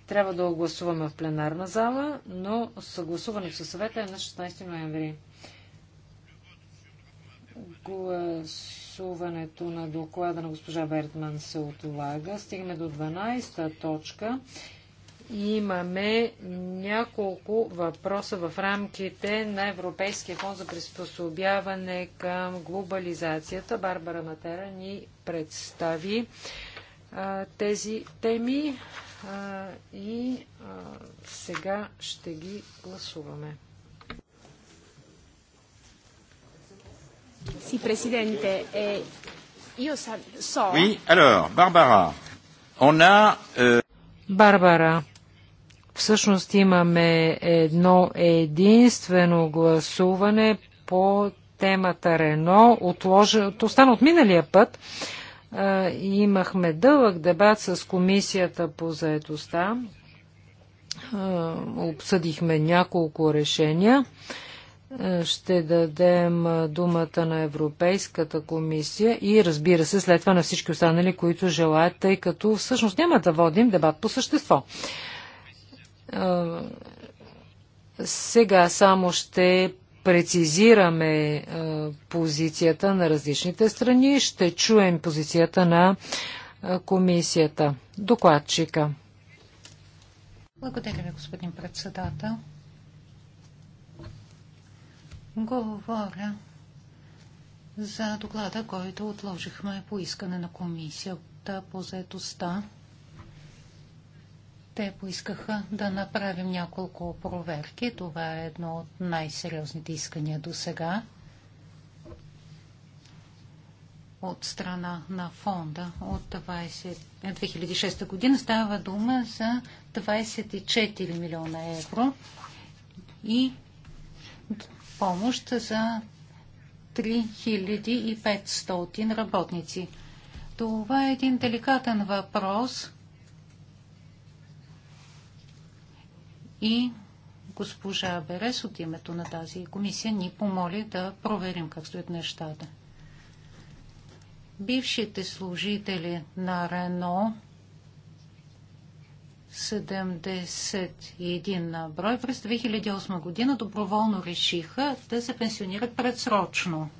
Трябва да огласуваме в пленарна зала, но съгласуването със съвета е на 16 ноември. Гласуването на доклада на госпожа Бертман се отлага. Стигаме до 12-та точка. Имаме няколко въпроса в рамките на Европейския фонд за приспособяване към глобализацията. Барбара Матера ни представи а, тези теми а, и а, сега ще ги гласуваме. Си, президенте, е... Io so... Oui, alors, Barbara, on a... Euh, Барбара, всъщност имаме едно единствено гласуване по темата Рено, отложено, остана от миналия път, Имахме дълъг дебат с комисията по заедостта. Обсъдихме няколко решения. Ще дадем думата на Европейската комисия и разбира се след това на всички останали, които желаят, тъй като всъщност няма да водим дебат по същество. Сега само ще прецизираме е, позицията на различните страни. Ще чуем позицията на е, комисията. Докладчика. Благодаря ви, господин председател. Говоря за доклада, който отложихме по искане на комисията по заедостта те поискаха да направим няколко проверки. Това е едно от най-сериозните искания до сега от страна на фонда от 20... 2006 е, година. Става дума за 24 милиона евро и помощ за 3500 работници. Това е един деликатен въпрос – и госпожа Берес от името на тази комисия ни помоли да проверим как стоят нещата. Бившите служители на Рено 71 на брой през 2008 година доброволно решиха да се пенсионират предсрочно.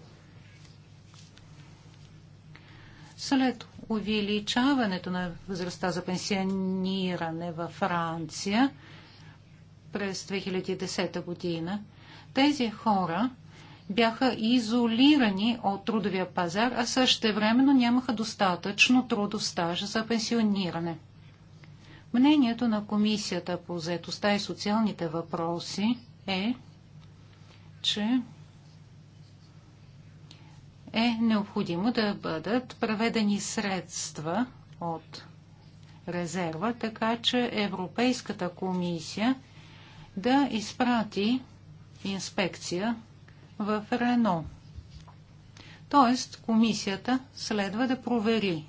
След увеличаването на възрастта за пенсиониране във Франция, през 2010 година, тези хора бяха изолирани от трудовия пазар, а също времено нямаха достатъчно трудов стаж за пенсиониране. Мнението на Комисията по заетостта и социалните въпроси е, че е необходимо да бъдат преведени средства от резерва, така че Европейската комисия – да изпрати инспекция в Рено. Тоест, комисията следва да провери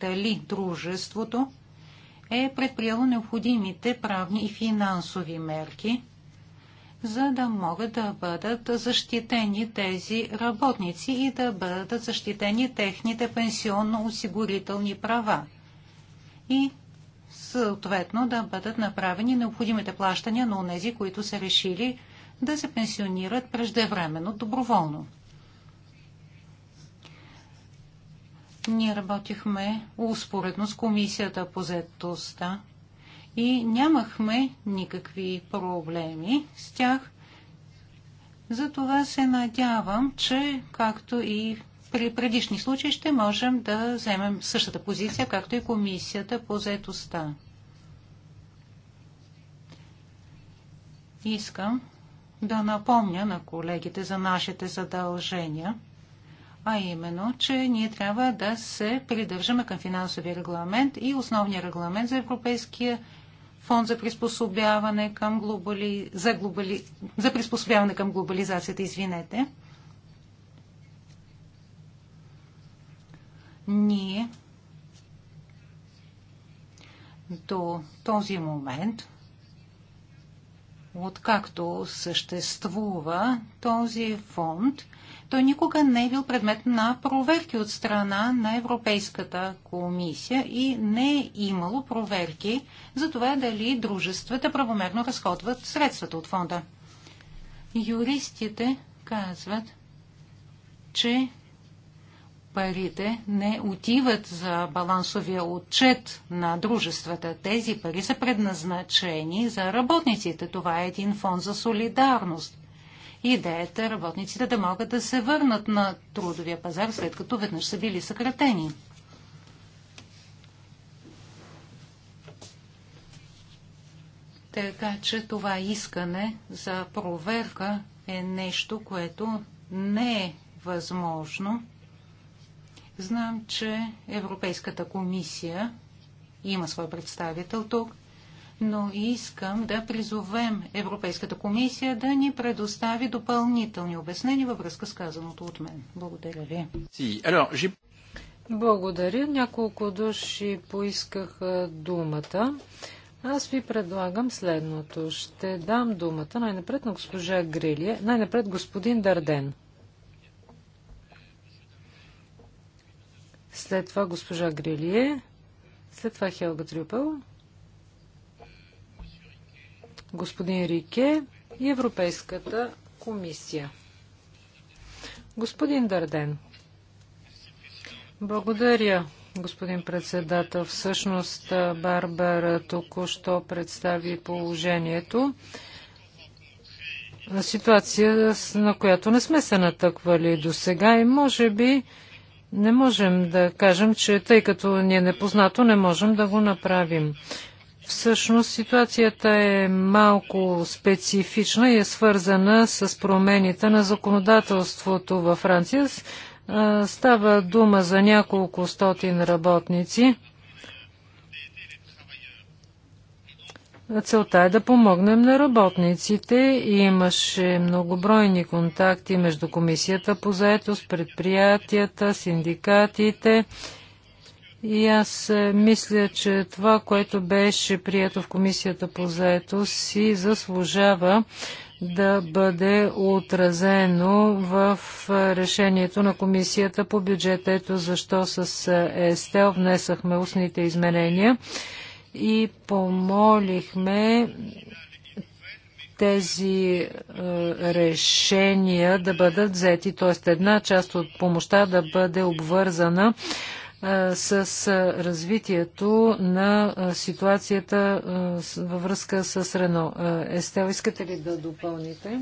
дали дружеството е предприело необходимите правни и финансови мерки, за да могат да бъдат защитени тези работници и да бъдат защитени техните пенсионно-осигурителни права. И съответно да бъдат направени необходимите плащания на онези, които са решили да се пенсионират преждевременно, доброволно. Ние работихме успоредно с комисията по заедостта и нямахме никакви проблеми с тях. Затова се надявам, че както и при предишни случаи ще можем да вземем същата позиция, както и комисията по заедостта. Искам да напомня на колегите за нашите задължения, а именно, че ние трябва да се придържаме към финансовия регламент и основния регламент за Европейския фонд за приспособяване към глобали... за, глобали... за приспособяване към глобализацията, извинете. Ние до този момент, откакто съществува този фонд, той никога не е бил предмет на проверки от страна на Европейската комисия и не е имало проверки за това дали дружествата правомерно разходват средствата от фонда. Юристите казват, че парите не отиват за балансовия отчет на дружествата. Тези пари са предназначени за работниците. Това е един фонд за солидарност. Идеята е работниците да могат да се върнат на трудовия пазар, след като веднъж са били съкратени. Така че това искане за проверка е нещо, което не е възможно Знам, че Европейската комисия има свой представител тук, но искам да призовем Европейската комисия да ни предостави допълнителни обяснения във връзка с казаното от мен. Благодаря ви. Благодаря. Няколко души поискаха думата. Аз ви предлагам следното. Ще дам думата най-напред на госпожа Грилия, най-напред господин Дарден. След това госпожа Грилие. След това Хелга Трюпел. Господин Рике и Европейската комисия. Господин Дарден. Благодаря, господин председател. Всъщност Барбара току-що представи положението на ситуация, на която не сме се натъквали до сега и може би не можем да кажем, че тъй като ни е непознато, не можем да го направим. Всъщност ситуацията е малко специфична и е свързана с промените на законодателството във Франция. Става дума за няколко стотин работници Целта е да помогнем на работниците. Имаше многобройни контакти между Комисията по заетост, предприятията, синдикатите. И аз е, мисля, че това, което беше прието в Комисията по заетост, си заслужава да бъде отразено в е, решението на Комисията по бюджет. Ето защо с е, Естел внесахме устните изменения и помолихме тези е, решения да бъдат взети, т.е. една част от помощта да бъде обвързана е, с е, развитието на е, ситуацията е, във връзка с Рено. Е, Естел, искате ли да допълните?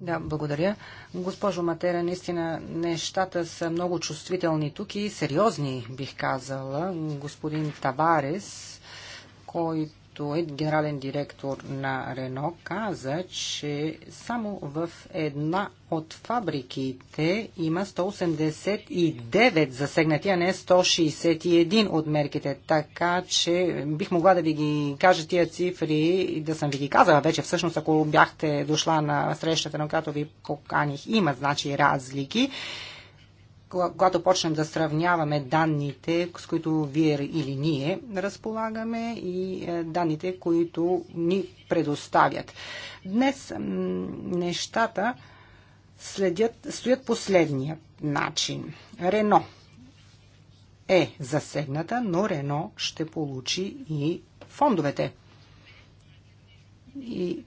Да, благодаря. Госпожо Матера, наистина нещата са много чувствителни тук и сериозни, бих казала. Господин Таварес който е генерален директор на Рено, каза, че само в една от фабриките има 189 засегнати, а не 161 от мерките. Така че бих могла да ви ги кажа тия цифри, и да съм ви ги казала вече. Всъщност, ако бяхте дошла на срещата, на която ви поканих, има значи разлики когато почнем да сравняваме данните, с които вие или ние разполагаме и е, данните, които ни предоставят. Днес нещата следят, стоят последния начин. Рено е засегната, но Рено ще получи и фондовете. И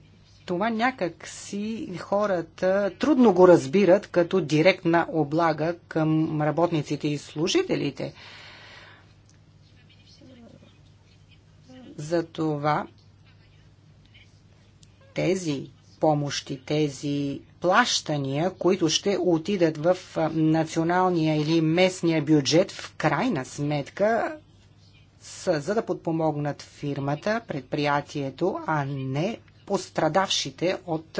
това някак си хората трудно го разбират като директна облага към работниците и служителите. Затова тези помощи, тези плащания, които ще отидат в националния или местния бюджет, в крайна сметка са за да подпомогнат фирмата, предприятието, а не пострадавшите от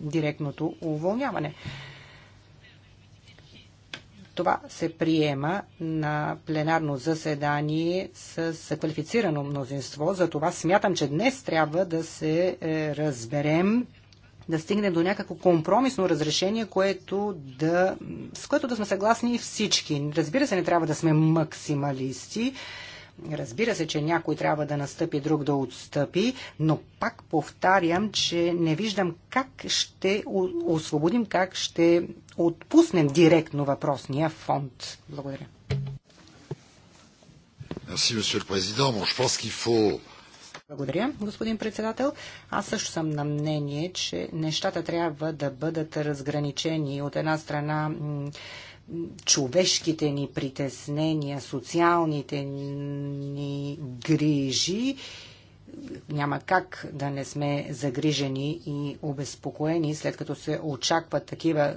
директното уволняване. Това се приема на пленарно заседание с квалифицирано мнозинство. За това смятам, че днес трябва да се е, разберем да стигнем до някакво компромисно разрешение, което да, с което да сме съгласни всички. Разбира се, не трябва да сме максималисти Разбира се, че някой трябва да настъпи, друг да отстъпи, но пак повтарям, че не виждам как ще освободим, как ще отпуснем директно въпросния фонд. Благодаря. Merci, Monsieur le Président. Bon, je pense qu'il faut благодаря, господин председател. Аз също съм на мнение, че нещата трябва да бъдат разграничени. От една страна човешките ни притеснения, социалните ни грижи няма как да не сме загрижени и обезпокоени, след като се очакват такива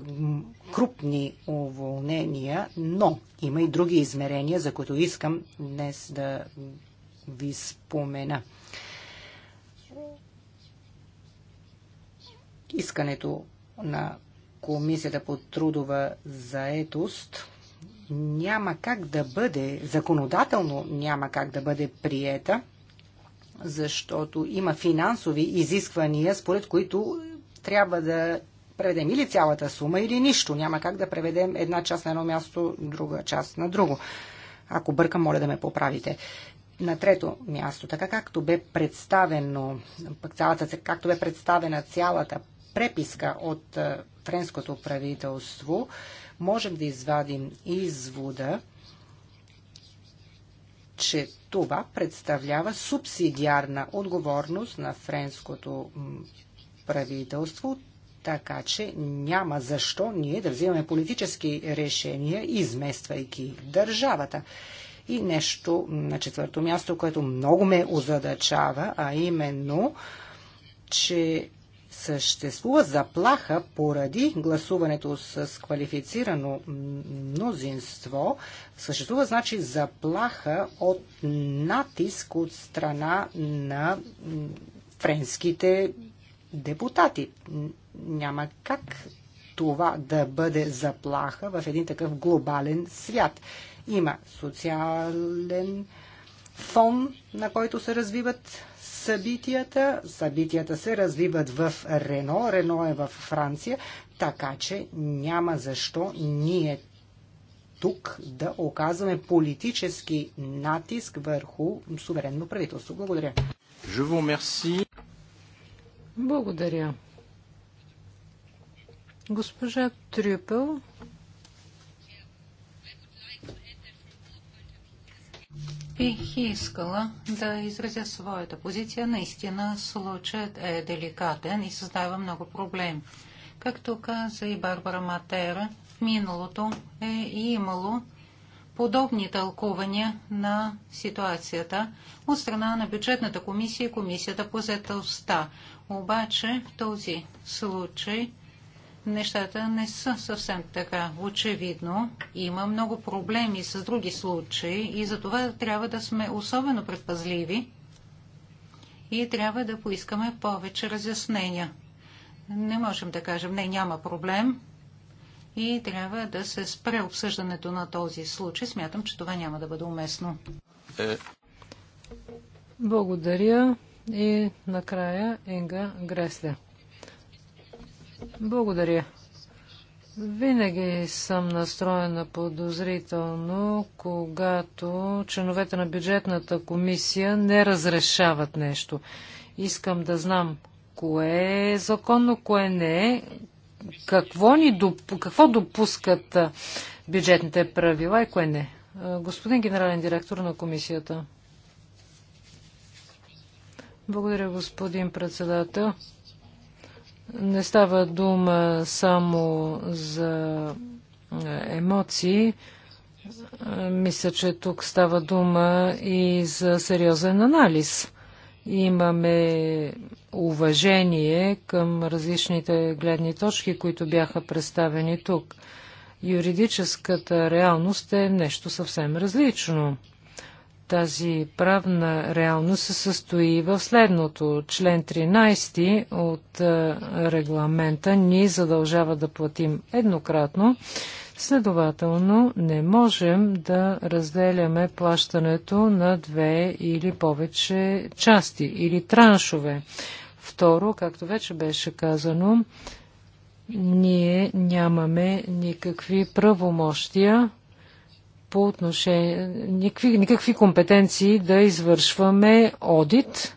крупни уволнения, но има и други измерения, за които искам днес да ви спомена. искането на Комисията по трудова заетост няма как да бъде, законодателно няма как да бъде приета, защото има финансови изисквания, според които трябва да преведем или цялата сума, или нищо. Няма как да преведем една част на едно място, друга част на друго. Ако бъркам, моля да ме поправите. На трето място, така както бе представено, цялата, както бе представена цялата преписка от е, френското правителство, можем да извадим извода, че това представлява субсидиарна отговорност на френското правителство, така че няма защо ние да взимаме политически решения, измествайки държавата. И нещо на четвърто място, което много ме озадачава, а именно, че съществува заплаха поради гласуването с квалифицирано мнозинство, съществува значи заплаха от натиск от страна на френските депутати. Няма как това да бъде заплаха в един такъв глобален свят. Има социален фон, на който се развиват събитията. Събитията се развиват в Рено. Рено е в Франция, така че няма защо ние тук да оказваме политически натиск върху суверенно правителство. Благодаря. Благодаря. Госпожа Трюпел бих искала да изразя своята позиция. Наистина случаят е деликатен и създава много проблем. Както каза и Барбара Матера, в миналото е имало подобни тълкувания на ситуацията от страна на бюджетната комисия и комисията по заедостта. Обаче в този случай нещата не са съвсем така. Очевидно, има много проблеми с други случаи и за това трябва да сме особено предпазливи и трябва да поискаме повече разяснения. Не можем да кажем, не, няма проблем и трябва да се спре обсъждането на този случай. Смятам, че това няма да бъде уместно. Е. Благодаря и накрая Енга Гресле. Благодаря. Винаги съм настроена подозрително, когато членовете на бюджетната комисия не разрешават нещо. Искам да знам кое е законно, кое не е, какво, ни, доп... какво допускат бюджетните правила и кое не. Господин генерален директор на комисията. Благодаря, господин председател. Не става дума само за е, емоции. Мисля, че тук става дума и за сериозен анализ. Имаме уважение към различните гледни точки, които бяха представени тук. Юридическата реалност е нещо съвсем различно. Тази правна реалност се състои в следното. Член 13 от е, регламента ни задължава да платим еднократно. Следователно, не можем да разделяме плащането на две или повече части или траншове. Второ, както вече беше казано, ние нямаме никакви правомощия по отношение никакви, никакви компетенции да извършваме одит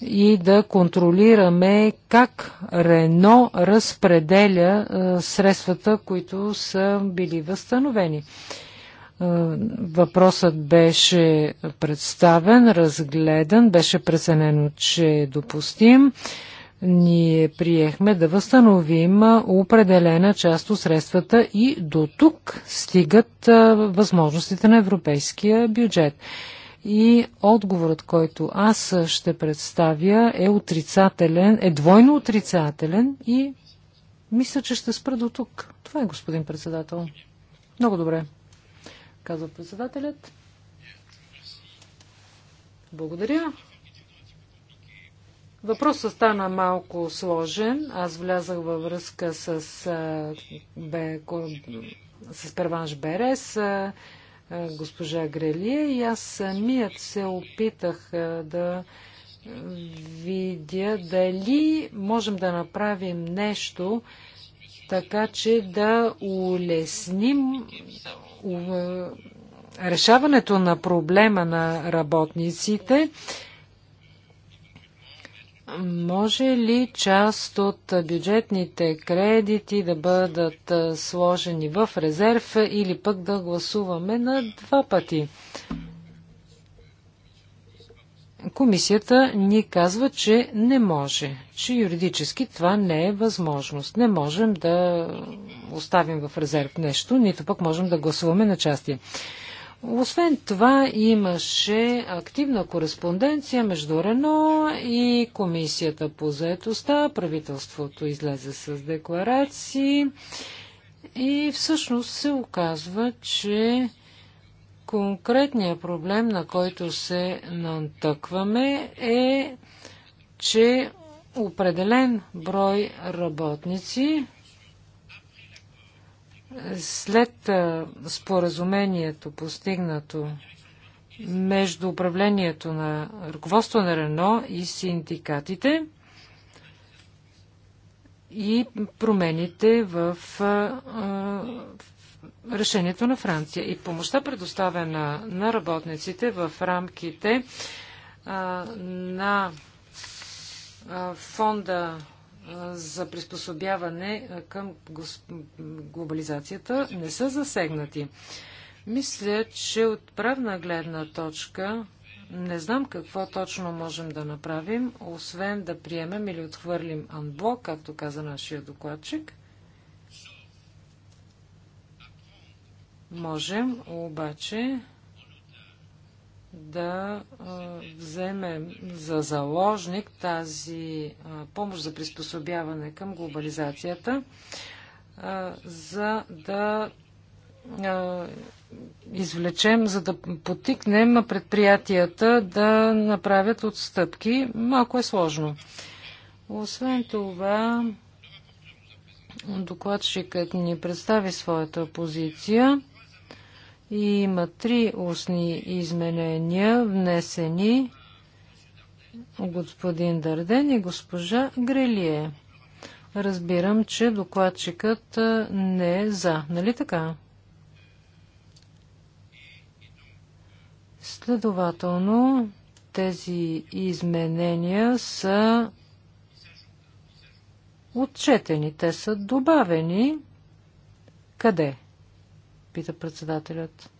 и да контролираме как Рено разпределя е, средствата, които са били възстановени. Е, въпросът беше представен, разгледан, беше преценено, че е допустим ние приехме да възстановим определена част от средствата и до тук стигат възможностите на европейския бюджет. И отговорът, който аз ще представя, е отрицателен, е двойно отрицателен и мисля, че ще спра до тук. Това е, господин председател. Много добре, казва председателят. Благодаря. Въпросът стана малко сложен. Аз влязах във връзка с, бе, с Перванш Берес, госпожа Грелия и аз самият се опитах да видя дали можем да направим нещо, така че да улесним решаването на проблема на работниците може ли част от бюджетните кредити да бъдат сложени в резерв или пък да гласуваме на два пъти? Комисията ни казва, че не може, че юридически това не е възможност. Не можем да оставим в резерв нещо, нито пък можем да гласуваме на части. Освен това имаше активна кореспонденция между Рено и Комисията по заетостта. Правителството излезе с декларации и всъщност се оказва, че конкретният проблем, на който се натъкваме е, че определен брой работници след споразумението, постигнато между управлението на ръководство на Рено и синдикатите и промените в решението на Франция и помощта предоставена на работниците в рамките а, на а, фонда за приспособяване към глобализацията не са засегнати. Мисля, че от правна гледна точка не знам какво точно можем да направим, освен да приемем или отхвърлим анблок, както каза нашия докладчик. Можем обаче да вземем за заложник тази помощ за приспособяване към глобализацията, за да извлечем, за да потикнем предприятията да направят отстъпки. Малко е сложно. Освен това, докладчикът ни представи своята позиция. И има три устни изменения, внесени господин Дърден и госпожа Грелие. Разбирам, че докладчикът не е за, нали така? Следователно, тези изменения са отчетени, те са добавени. Къде? Пита председателят.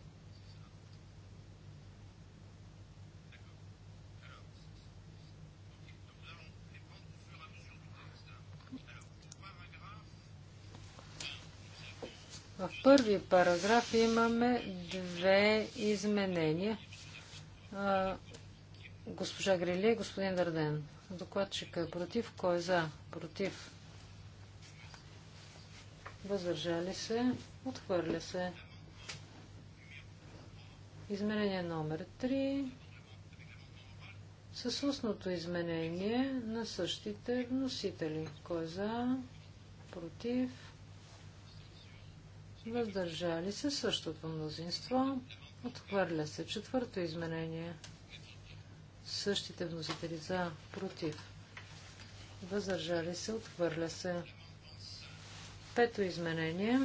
В първи параграф имаме две изменения. Госпожа Грилия и господин Дарден. Докладчика е против. Кой е за? Против. Въздържали се. Отхвърля се. Изменение номер 3 с устното изменение на същите вносители. Кой е за? Против? Въздържали се същото мнозинство. Отхвърля се четвърто изменение. Същите вносители за, против. Въздържали се, отхвърля се. Пето изменение.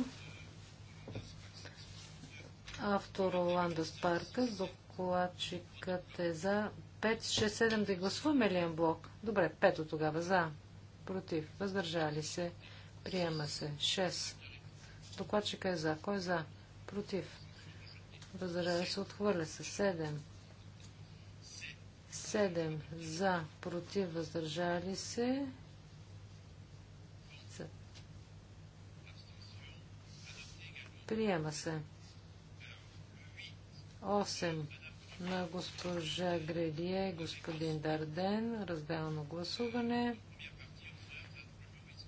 Автор Спарка, Спаркас, докладчикът е за 5, 6, 7 да гласуваме ли блок? Добре, 5 от тогава за. Против. Въздържали се. Приема се. 6. Докладчика е за. Кой е за? Против. Въздържали се. Отхвърля се. 7. 7 за. Против. Въздържали се. Приема се. 8 на госпожа Гредие, господин Дарден, разделно гласуване.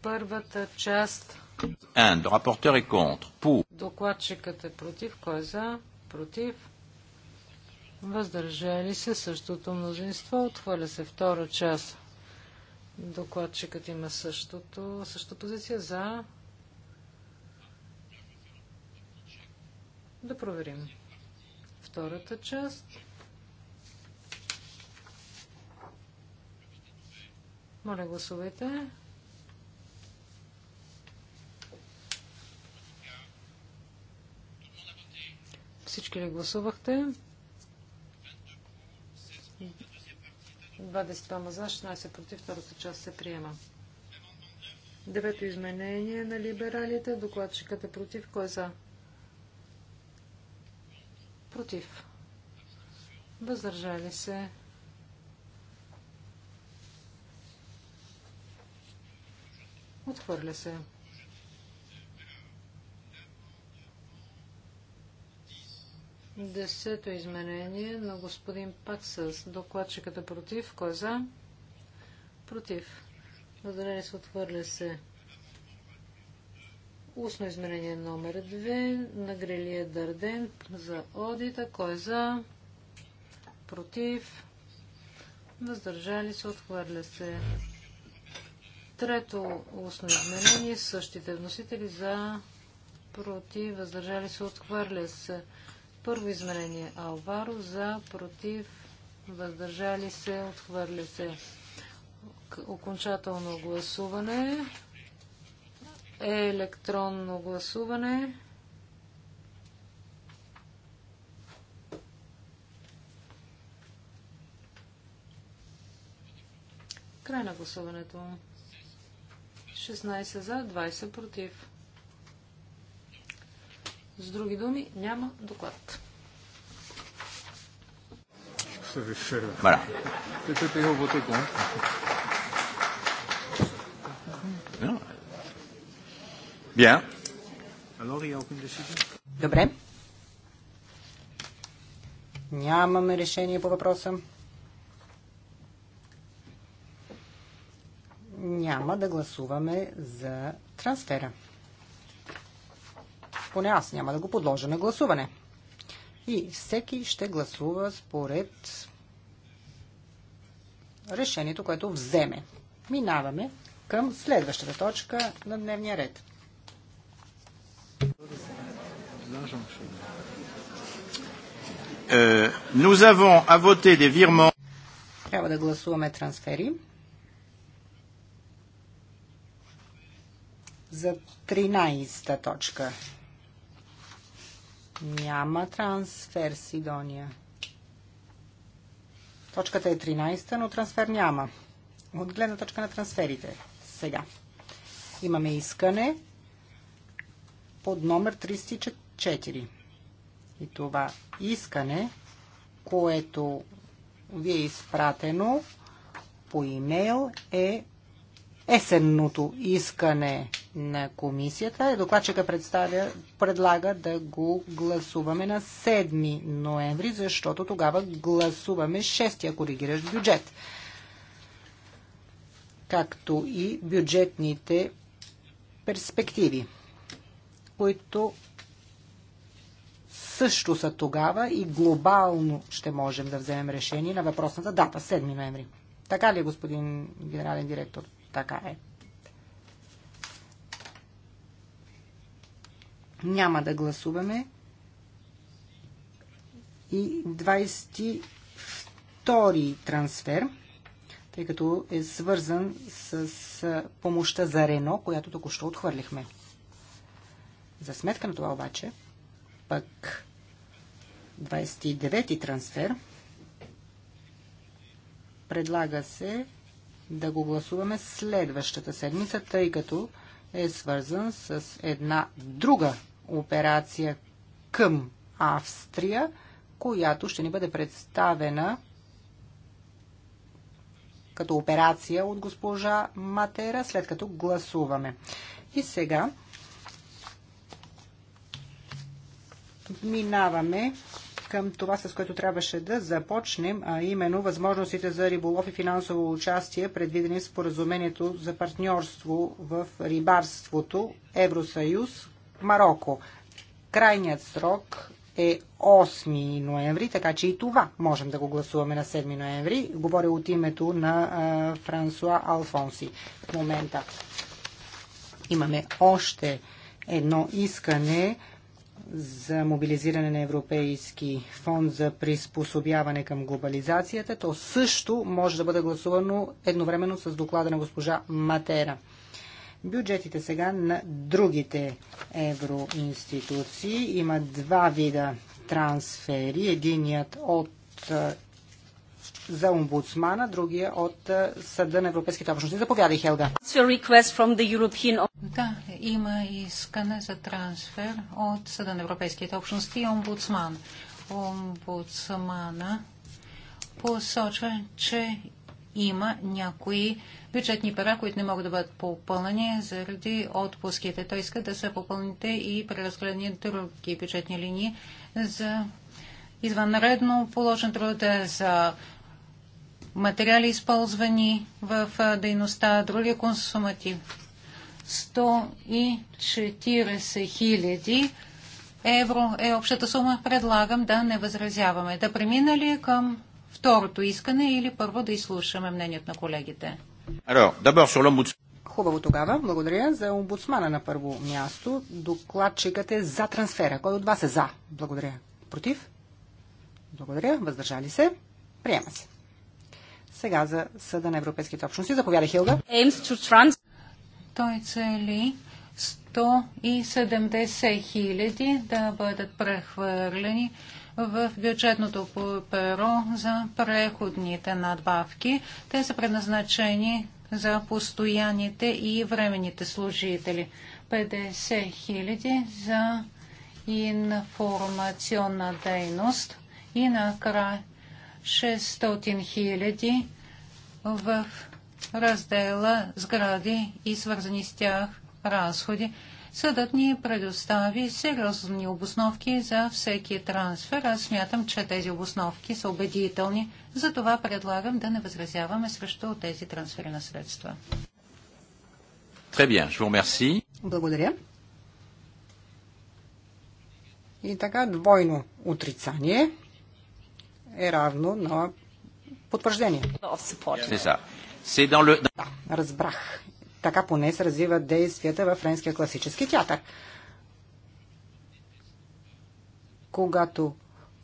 Първата част. And, е контр. Pour. Докладчикът е против. Кой е за? Против. Въздържали се същото мнозинство. Отхвърля се втора част. Докладчикът има същото, същата позиция за. Да проверим втората част. Моля, гласувайте. Всички ли гласувахте? 22 за, 16 против, втората част се приема. Девето изменение на либералите. Докладчикът е против. Кой е за? Против. Въздържали се. Отхвърля се. Десето изменение на господин пак с докладчиката е против. Кой е за? Против. Въздържали се. Отхвърля се. Устно измерение номер 2 на Грелия Дарден за одита. Кой е за? Против? Въздържали се? Отхвърля се. Трето устно измерение, Същите вносители за? Против? Въздържали се? Отхвърля се. Първо измерение Алваро за? Против? Въздържали се? Отхвърля се. Окончателно гласуване е електронно гласуване. Край на гласуването. 16 за, 20 против. С други думи, няма доклад. Voilà. Добре. Нямаме решение по въпроса. Няма да гласуваме за трансфера. Поне аз няма да го подложа на гласуване. И всеки ще гласува според решението, което вземе. Минаваме към следващата точка на дневния ред. Euh, nous avons à voter des virements. Трябва да гласуваме трансфери. За 13-та точка. Няма трансфер, Сидония. Точката е 13-та, но трансфер няма. От гледна точка на трансферите. Сега. Имаме искане под номер 34. 4. И това искане, което ви е изпратено по имейл, е есенното искане на комисията. Е, докладчика представя, предлага да го гласуваме на 7 ноември, защото тогава гласуваме 6-я коригиращ бюджет. Както и бюджетните перспективи, които също са тогава и глобално ще можем да вземем решение на въпросната дата, 7 ноември. Така ли, господин генерален директор? Така е. Няма да гласуваме. И 22 трансфер, тъй като е свързан с помощта за Рено, която току-що отхвърлихме. За сметка на това обаче, пък 29-ти трансфер. Предлага се да го гласуваме следващата седмица, тъй като е свързан с една друга операция към Австрия, която ще ни бъде представена като операция от госпожа Матера, след като гласуваме. И сега минаваме към това, с което трябваше да започнем, а именно възможностите за риболов и финансово участие, предвидени в споразумението за партньорство в рибарството Евросъюз Марокко. Крайният срок е 8 ноември, така че и това можем да го гласуваме на 7 ноември. Говоря от името на а, Франсуа Алфонси в момента. Имаме още едно искане за мобилизиране на Европейски фонд за приспособяване към глобализацията, то също може да бъде гласувано едновременно с доклада на госпожа Матера. Бюджетите сега на другите евроинституции има два вида трансфери. Единият от е, за омбудсмана, другия от Съда на Европейските общности. Заповядай, Хелга. Да, има искане за трансфер от Съда на Европейските общности и омбудсман. Омбудсмана посочва, че има някои бюджетни пера, които не могат да бъдат попълнени заради отпуските. Той иска да са попълните и преразгледани други бюджетни линии за извънредно положен труд за материали, използвани в дейността, други консуматив. 140 хиляди евро е общата сума. Предлагам да не възразяваме. Да премина ли към второто искане или първо да изслушаме мнението на колегите? Хубаво тогава. Благодаря за омбудсмана на първо място. Докладчикът е за трансфера. Кой от вас е за? Благодаря. Против? Благодаря. Въздържали се? Приема се. Сега за Съда на Европейските общности. Заповядай, Хилга. Той цели 170 хиляди да бъдат прехвърлени в бюджетното перо за преходните надбавки. Те са предназначени за постоянните и временните служители. 50 хиляди за информационна дейност и накрая 600 хиляди в раздела сгради и свързани с тях разходи. Съдът ни предостави сериозни обосновки за всеки трансфер. Аз смятам, че тези обосновки са убедителни. Затова предлагам да не възразяваме срещу тези трансфери на средства. Благодаря. И така двойно отрицание е равно на потвърждение. Е да, разбрах. Така поне се развиват действията във френския класически театър. Когато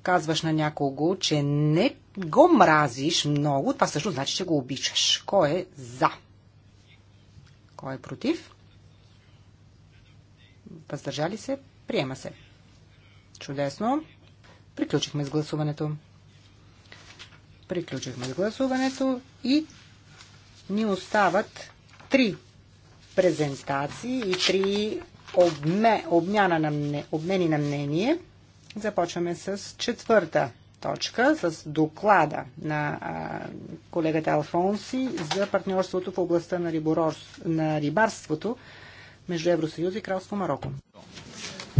казваш на някого, че не го мразиш много, това също значи, че го обичаш. Кой е за? Кой е против? Въздържали се? Приема се. Чудесно. Приключихме с гласуването. Приключихме с гласуването и ни остават три презентации и три обме, обмяна на мне, обмени на мнение. Започваме с четвърта точка, с доклада на а, колегата Алфонси за партньорството в областта на, риборор, на рибарството между Евросъюз и Кралство Марокко.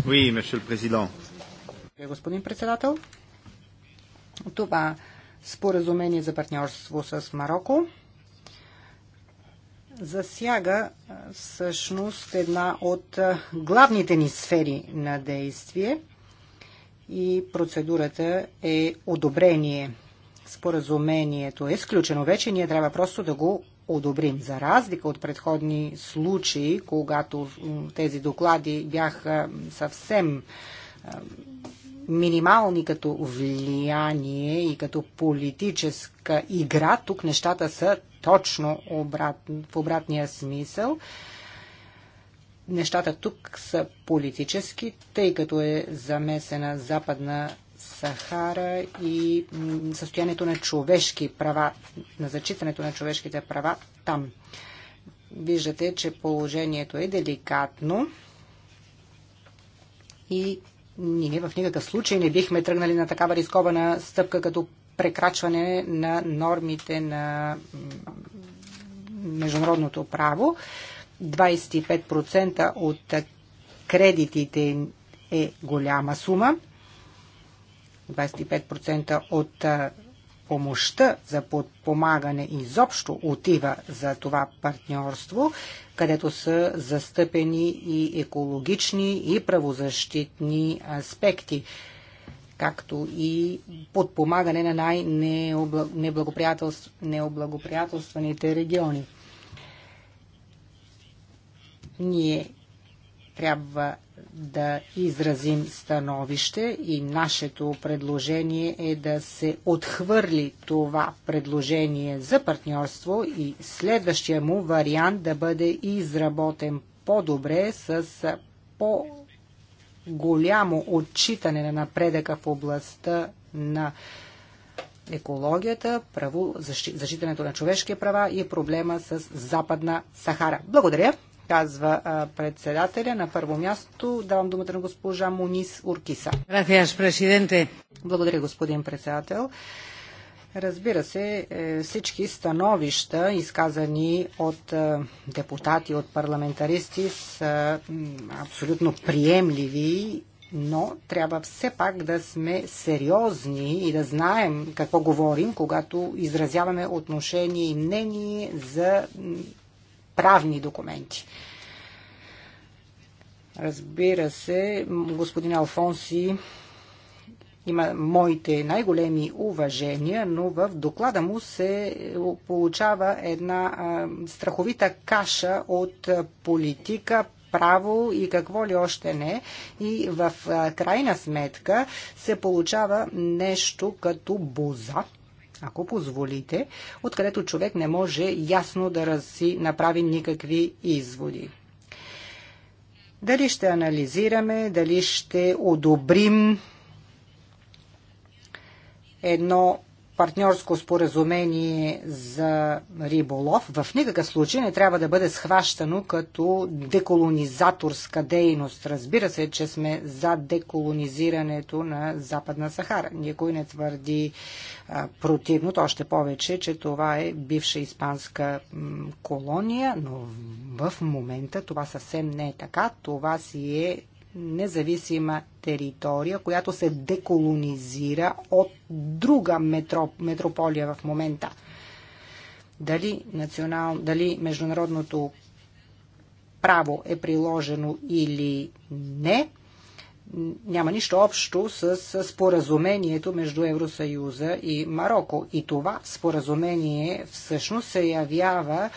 Oui, господин председател, това споразумение за партньорство с Марокко засяга всъщност една от главните ни сфери на действие и процедурата е одобрение. Споразумението е сключено вече, ние трябва просто да го одобрим. За разлика от предходни случаи, когато тези доклади бяха съвсем минимални като влияние и като политическа игра. Тук нещата са точно обрат, в обратния смисъл. Нещата тук са политически, тъй като е замесена Западна Сахара и състоянието на човешки права, на зачитането на човешките права там. Виждате, че положението е деликатно и ние в никакъв случай не бихме тръгнали на такава рискована стъпка като прекрачване на нормите на международното право. 25% от кредитите е голяма сума. 25% от помощта за подпомагане изобщо отива за това партньорство където са застъпени и екологични и правозащитни аспекти както и подпомагане на най-неблагоприятелстваните региони. Ние трябва да изразим становище и нашето предложение е да се отхвърли това предложение за партньорство и следващия му вариант да бъде изработен по-добре с по-голямо отчитане на напредъка в областта на екологията, право, защитането на човешки права и проблема с Западна Сахара. Благодаря! казва председателя. На първо място давам думата на госпожа Монис Уркиса. Благодаря, господин председател. Разбира се, е, всички становища, изказани от е, депутати, от парламентаристи, са абсолютно приемливи, но трябва все пак да сме сериозни и да знаем какво говорим, когато изразяваме отношение и мнение за правни документи. Разбира се, господин Алфонси има моите най-големи уважения, но в доклада му се получава една а, страховита каша от политика, право и какво ли още не. И в а, крайна сметка се получава нещо като боза ако позволите, откъдето човек не може ясно да си направи никакви изводи. Дали ще анализираме, дали ще одобрим едно партньорско споразумение за риболов в никакъв случай не трябва да бъде схващано като деколонизаторска дейност. Разбира се, че сме за деколонизирането на Западна Сахара. Никой не твърди а, противното, още повече, че това е бивша испанска колония, но в момента това съвсем не е така. Това си е независима територия, която се деколонизира от друга метроп, метрополия в момента. Дали, национал, дали международното право е приложено или не, няма нищо общо с споразумението между Евросъюза и Марокко. И това споразумение всъщност се явява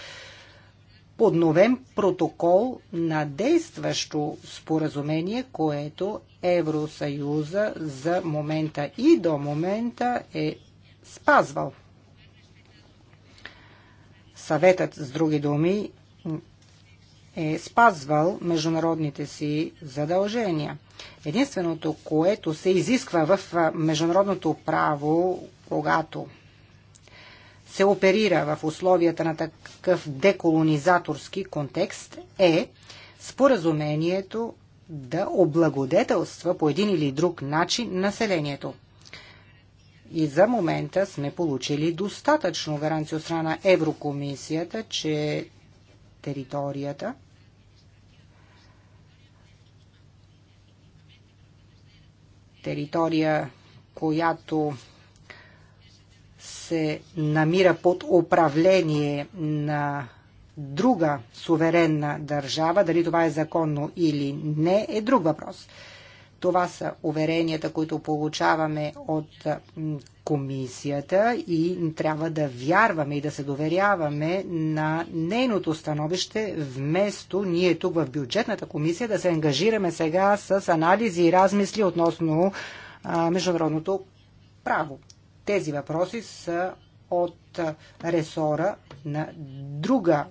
подновен протокол на действащо споразумение, което Евросъюза за момента и до момента е спазвал. Съветът, с други думи, е спазвал международните си задължения. Единственото, което се изисква в международното право, когато се оперира в условията на такъв деколонизаторски контекст е споразумението да облагодетелства по един или друг начин населението. И за момента сме получили достатъчно гаранция от страна Еврокомисията, че територията територия, която се намира под управление на друга суверенна държава, дали това е законно или не, е друг въпрос. Това са уверенията, които получаваме от комисията и трябва да вярваме и да се доверяваме на нейното становище, вместо ние тук в бюджетната комисия да се ангажираме сега с анализи и размисли относно а, международното право тези въпроси са от ресора на друга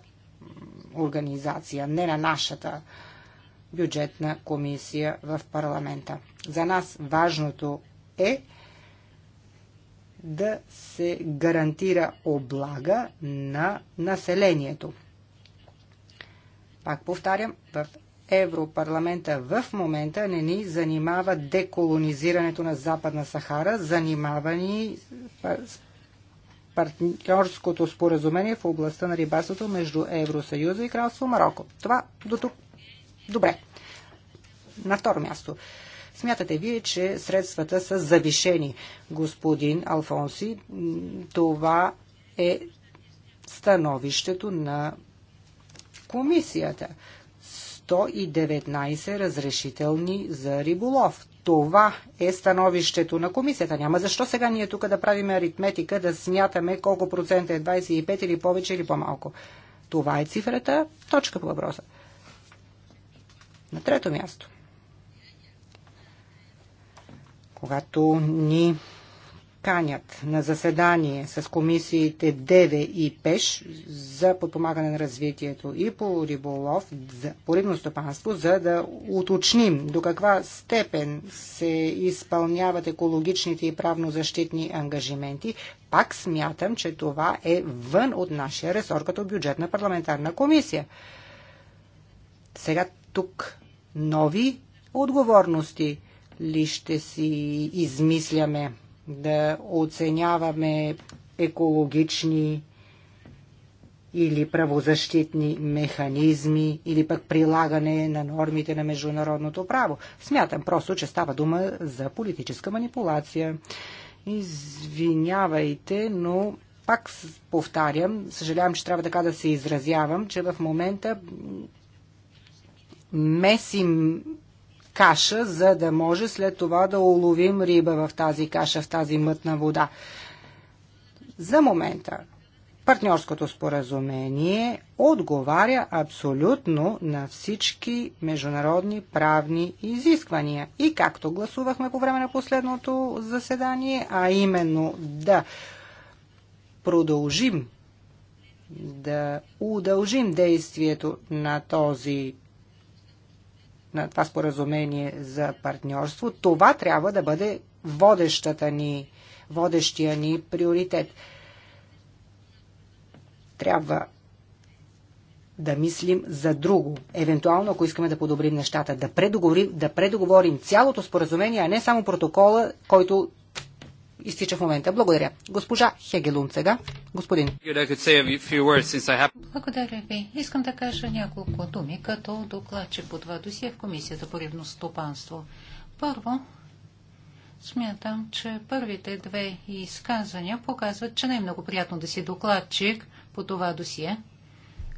организация, не на нашата бюджетна комисия в парламента. За нас важното е да се гарантира облага на населението. Пак повтарям, в Европарламента в момента не ни занимава деколонизирането на Западна Сахара, занимава ни партньорското споразумение в областта на рибарството между Евросъюза и Кралство Марокко. Това до тук. Добре. На второ място. Смятате вие, че средствата са завишени, господин Алфонси. Това е становището на комисията. 119 разрешителни за риболов. Това е становището на комисията. Няма защо сега ние тук да правим аритметика, да смятаме колко процента е 25 или повече или по-малко. Това е цифрата. Точка по въпроса. На трето място. Когато ни канят на заседание с комисиите ДЕВЕ и ПЕШ за подпомагане на развитието и по риболов, по рибно стопанство, за да уточним до каква степен се изпълняват екологичните и правно-защитни ангажименти, пак смятам, че това е вън от нашия ресор като бюджетна парламентарна комисия. Сега тук нови отговорности ли ще си измисляме? да оценяваме екологични или правозащитни механизми, или пък прилагане на нормите на международното право. Смятам просто, че става дума за политическа манипулация. Извинявайте, но пак повтарям, съжалявам, че трябва така да се изразявам, че в момента месим каша, за да може след това да уловим риба в тази каша, в тази мътна вода. За момента партньорското споразумение отговаря абсолютно на всички международни правни изисквания. И както гласувахме по време на последното заседание, а именно да продължим да удължим действието на този на това споразумение за партньорство. Това трябва да бъде водещата ни, водещия ни приоритет. Трябва да мислим за друго. Евентуално, ако искаме да подобрим нещата, да предоговорим, да предоговорим цялото споразумение, а не само протокола, който изтича в момента. Благодаря. Госпожа Хегелун сега. Господин. Благодаря ви. Искам да кажа няколко думи, като докладче по два досия в Комисията по ревно стопанство. Първо, смятам, че първите две изказвания показват, че не е много приятно да си докладчик по това досие,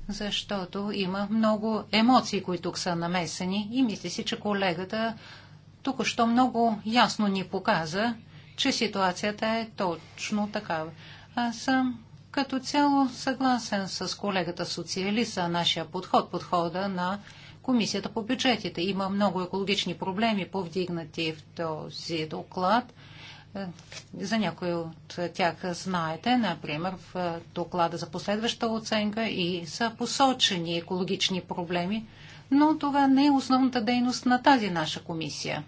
защото има много емоции, които тук са намесени и мисля си, че колегата тук що много ясно ни показа, че ситуацията е точно такава. Аз съм като цяло съгласен с колегата социалиста, нашия подход, подхода на Комисията по бюджетите. Има много екологични проблеми, повдигнати в този доклад. Е, за някои от тях знаете, например, в доклада за последваща оценка и са посочени екологични проблеми, но това не е основната дейност на тази наша комисия.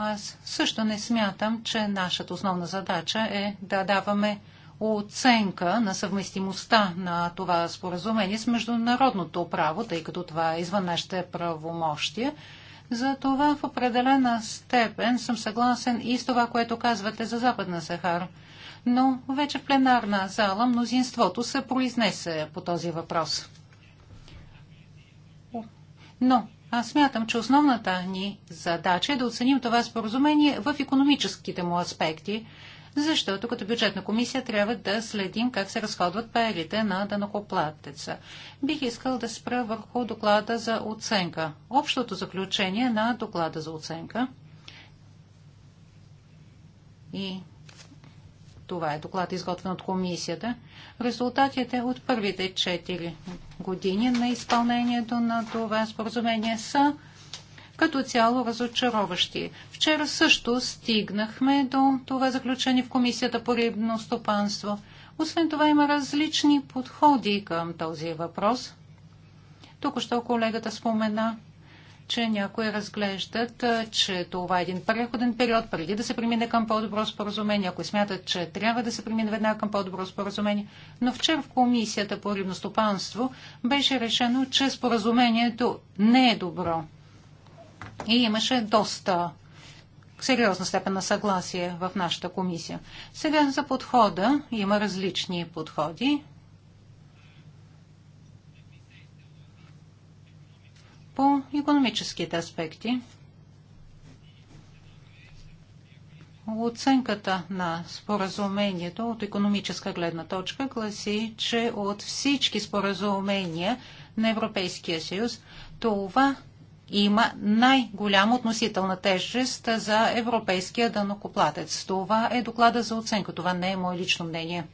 Аз също не смятам, че нашата основна задача е да даваме оценка на съвместимостта на това споразумение с международното право, тъй като това е извън нашите правомощия. Затова в определена степен съм съгласен и с това, което казвате за Западна Сахара. Но вече в пленарна зала мнозинството се произнесе по този въпрос. Но аз смятам, че основната ни задача е да оценим това споразумение в економическите му аспекти, защото като бюджетна комисия трябва да следим как се разходват парите на данокоплатеца. Бих искал да спра върху доклада за оценка. Общото заключение на доклада за оценка и това е доклад изготвен от комисията. Резултатите от първите 4 години на изпълнението на това споразумение са като цяло разочароващи. Вчера също стигнахме до това заключение в Комисията по рибно стопанство. Освен това има различни подходи към този въпрос. Тук що колегата спомена че някои разглеждат, че това е един преходен период, преди да се премине към по-добро споразумение, някои смятат, че трябва да се премине веднага към по-добро споразумение. Но вчера в Комисията по рибностопанство беше решено, че споразумението не е добро. И имаше доста сериозна степен на съгласие в нашата комисия. Сега за подхода има различни подходи. по економическите аспекти. Оценката на споразумението от економическа гледна точка гласи, че от всички споразумения на Европейския съюз това има най-голяма относителна тежест за европейския данокоплатец. Това е доклада за оценка. Това не е мое лично мнение.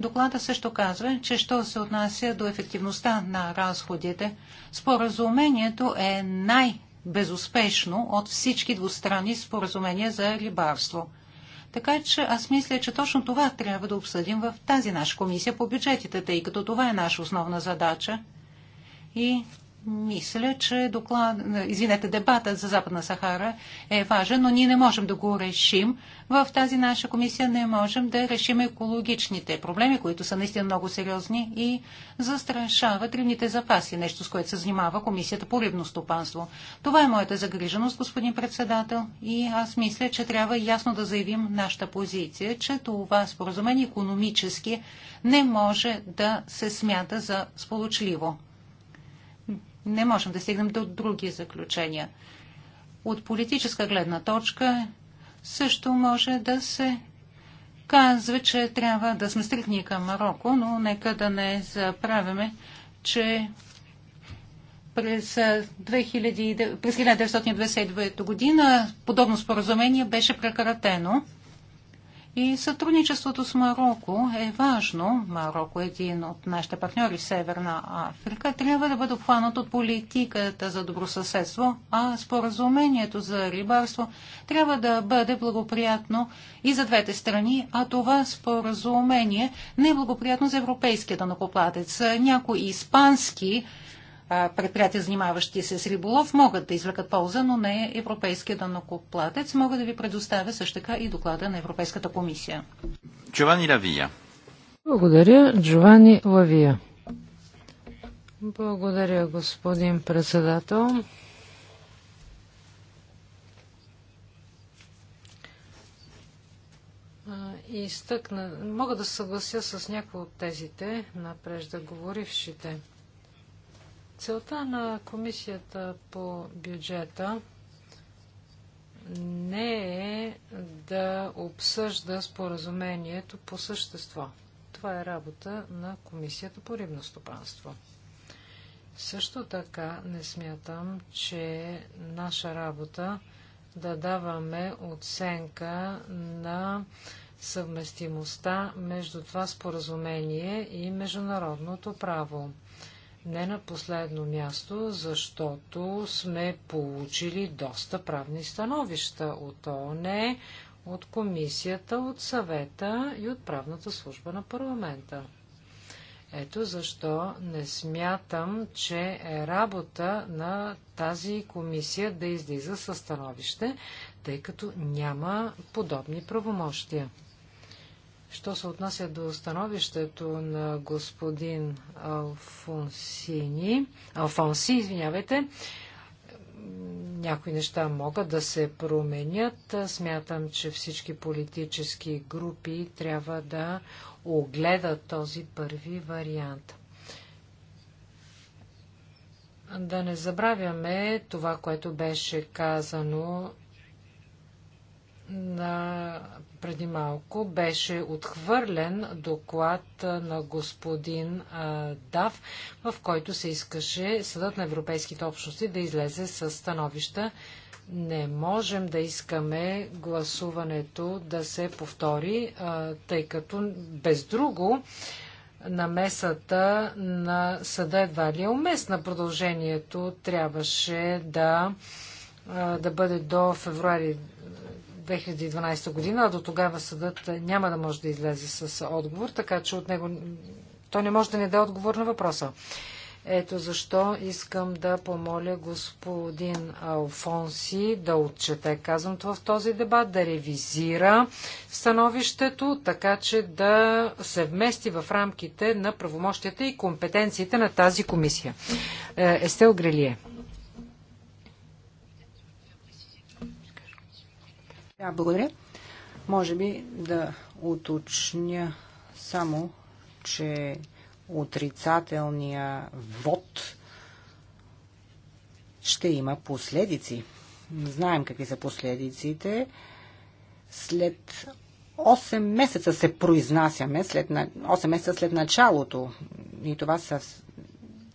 Доклада също казва, че що се отнася до ефективността на разходите, споразумението е най-безуспешно от всички двустранни споразумения за рибарство. Така че аз мисля, че точно това трябва да обсъдим в тази наша комисия по бюджетите, тъй като това е наша основна задача. И мисля, че доклад, извинете, дебата за Западна Сахара е важен, но ние не можем да го решим. В тази наша комисия не можем да решим екологичните проблеми, които са наистина много сериозни и застрашават ривните запаси, нещо с което се занимава комисията по рибно стопанство. Това е моята загриженост, господин председател, и аз мисля, че трябва ясно да заявим нашата позиция, че това споразумение економически не може да се смята за сполучливо не можем да стигнем до други заключения. От политическа гледна точка също може да се казва, че трябва да сме стрикни към Марокко, но нека да не забравяме, че през, 2000, през 1929 година подобно споразумение беше прекратено. И сътрудничеството с Марокко е важно. Марокко е един от нашите партньори в Северна Африка. Трябва да бъде обхванат от политиката за добросъседство, а споразумението за рибарство трябва да бъде благоприятно и за двете страни, а това споразумение не е благоприятно за европейския данокоплатец. Някои испански предприятия, занимаващи се с риболов, могат да извлекат полза, но не европейския данокоплатец. Мога да ви предоставя също така и доклада на Европейската комисия. Джовани Лавия. Благодаря, Джовани Лавия. Благодаря, господин председател. И стъкна. Мога да съглася с някои от тезите на преждаговорившите. говорившите. Целта на комисията по бюджета не е да обсъжда споразумението по същество. Това е работа на комисията по рибно стопанство. Също така не смятам, че наша работа да даваме оценка на съвместимостта между това споразумение и международното право. Не на последно място, защото сме получили доста правни становища от ООН, от комисията, от съвета и от правната служба на парламента. Ето защо не смятам, че е работа на тази комисия да излиза със становище, тъй като няма подобни правомощия. Що се отнася до становището на господин Алфонсини, Алфонси, извинявайте, някои неща могат да се променят. Смятам, че всички политически групи трябва да огледат този първи вариант. Да не забравяме това, което беше казано на преди малко беше отхвърлен доклад на господин Дав, в който се искаше Съдът на Европейските общности да излезе с становища. Не можем да искаме гласуването да се повтори, тъй като без друго намесата на съда едва ли е уместна. Продължението трябваше да, да бъде до февруари 2012 година, а до тогава съдът няма да може да излезе с отговор, така че от него той не може да не даде отговор на въпроса. Ето защо искам да помоля господин Алфонси да отчете казаното в този дебат, да ревизира становището, така че да се вмести в рамките на правомощите и компетенциите на тази комисия. Е, Естел Грелие. Да, благодаря. Може би да уточня само, че отрицателния вод ще има последици. Знаем какви са последиците. След 8 месеца се произнасяме, след, 8 месеца след началото. И това са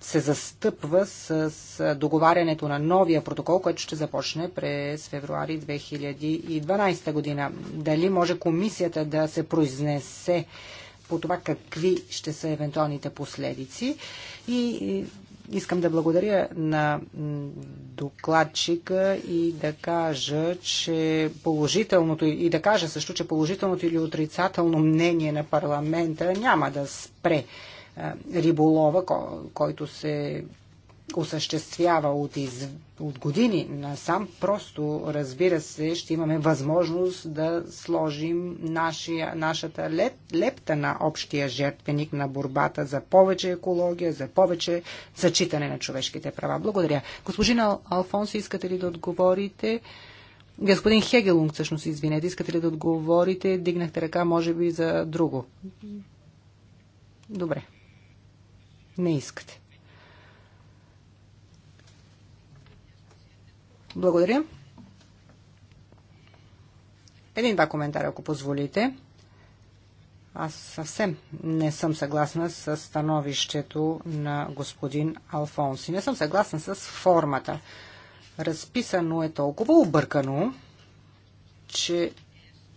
се застъпва с договарянето на новия протокол, който ще започне през февруари 2012 година. Дали може комисията да се произнесе по това какви ще са евентуалните последици и Искам да благодаря на докладчика и да кажа, че положителното и да кажа също, че положителното или отрицателно мнение на парламента няма да спре риболова, който се осъществява от, из... от години насам, просто, разбира се, ще имаме възможност да сложим нашия, нашата леп... лепта на общия жертвеник на борбата за повече екология, за повече зачитане на човешките права. Благодаря. Госпожина Ал... Алфонс, искате ли да отговорите? Господин Хегелунг, всъщност, извинете, искате ли да отговорите? Дигнахте ръка, може би, за друго. Добре. Не искате. Благодаря. Един-два коментара, ако позволите. Аз съвсем не съм съгласна с становището на господин Алфонси. Не съм съгласна с формата. Разписано е толкова объркано, че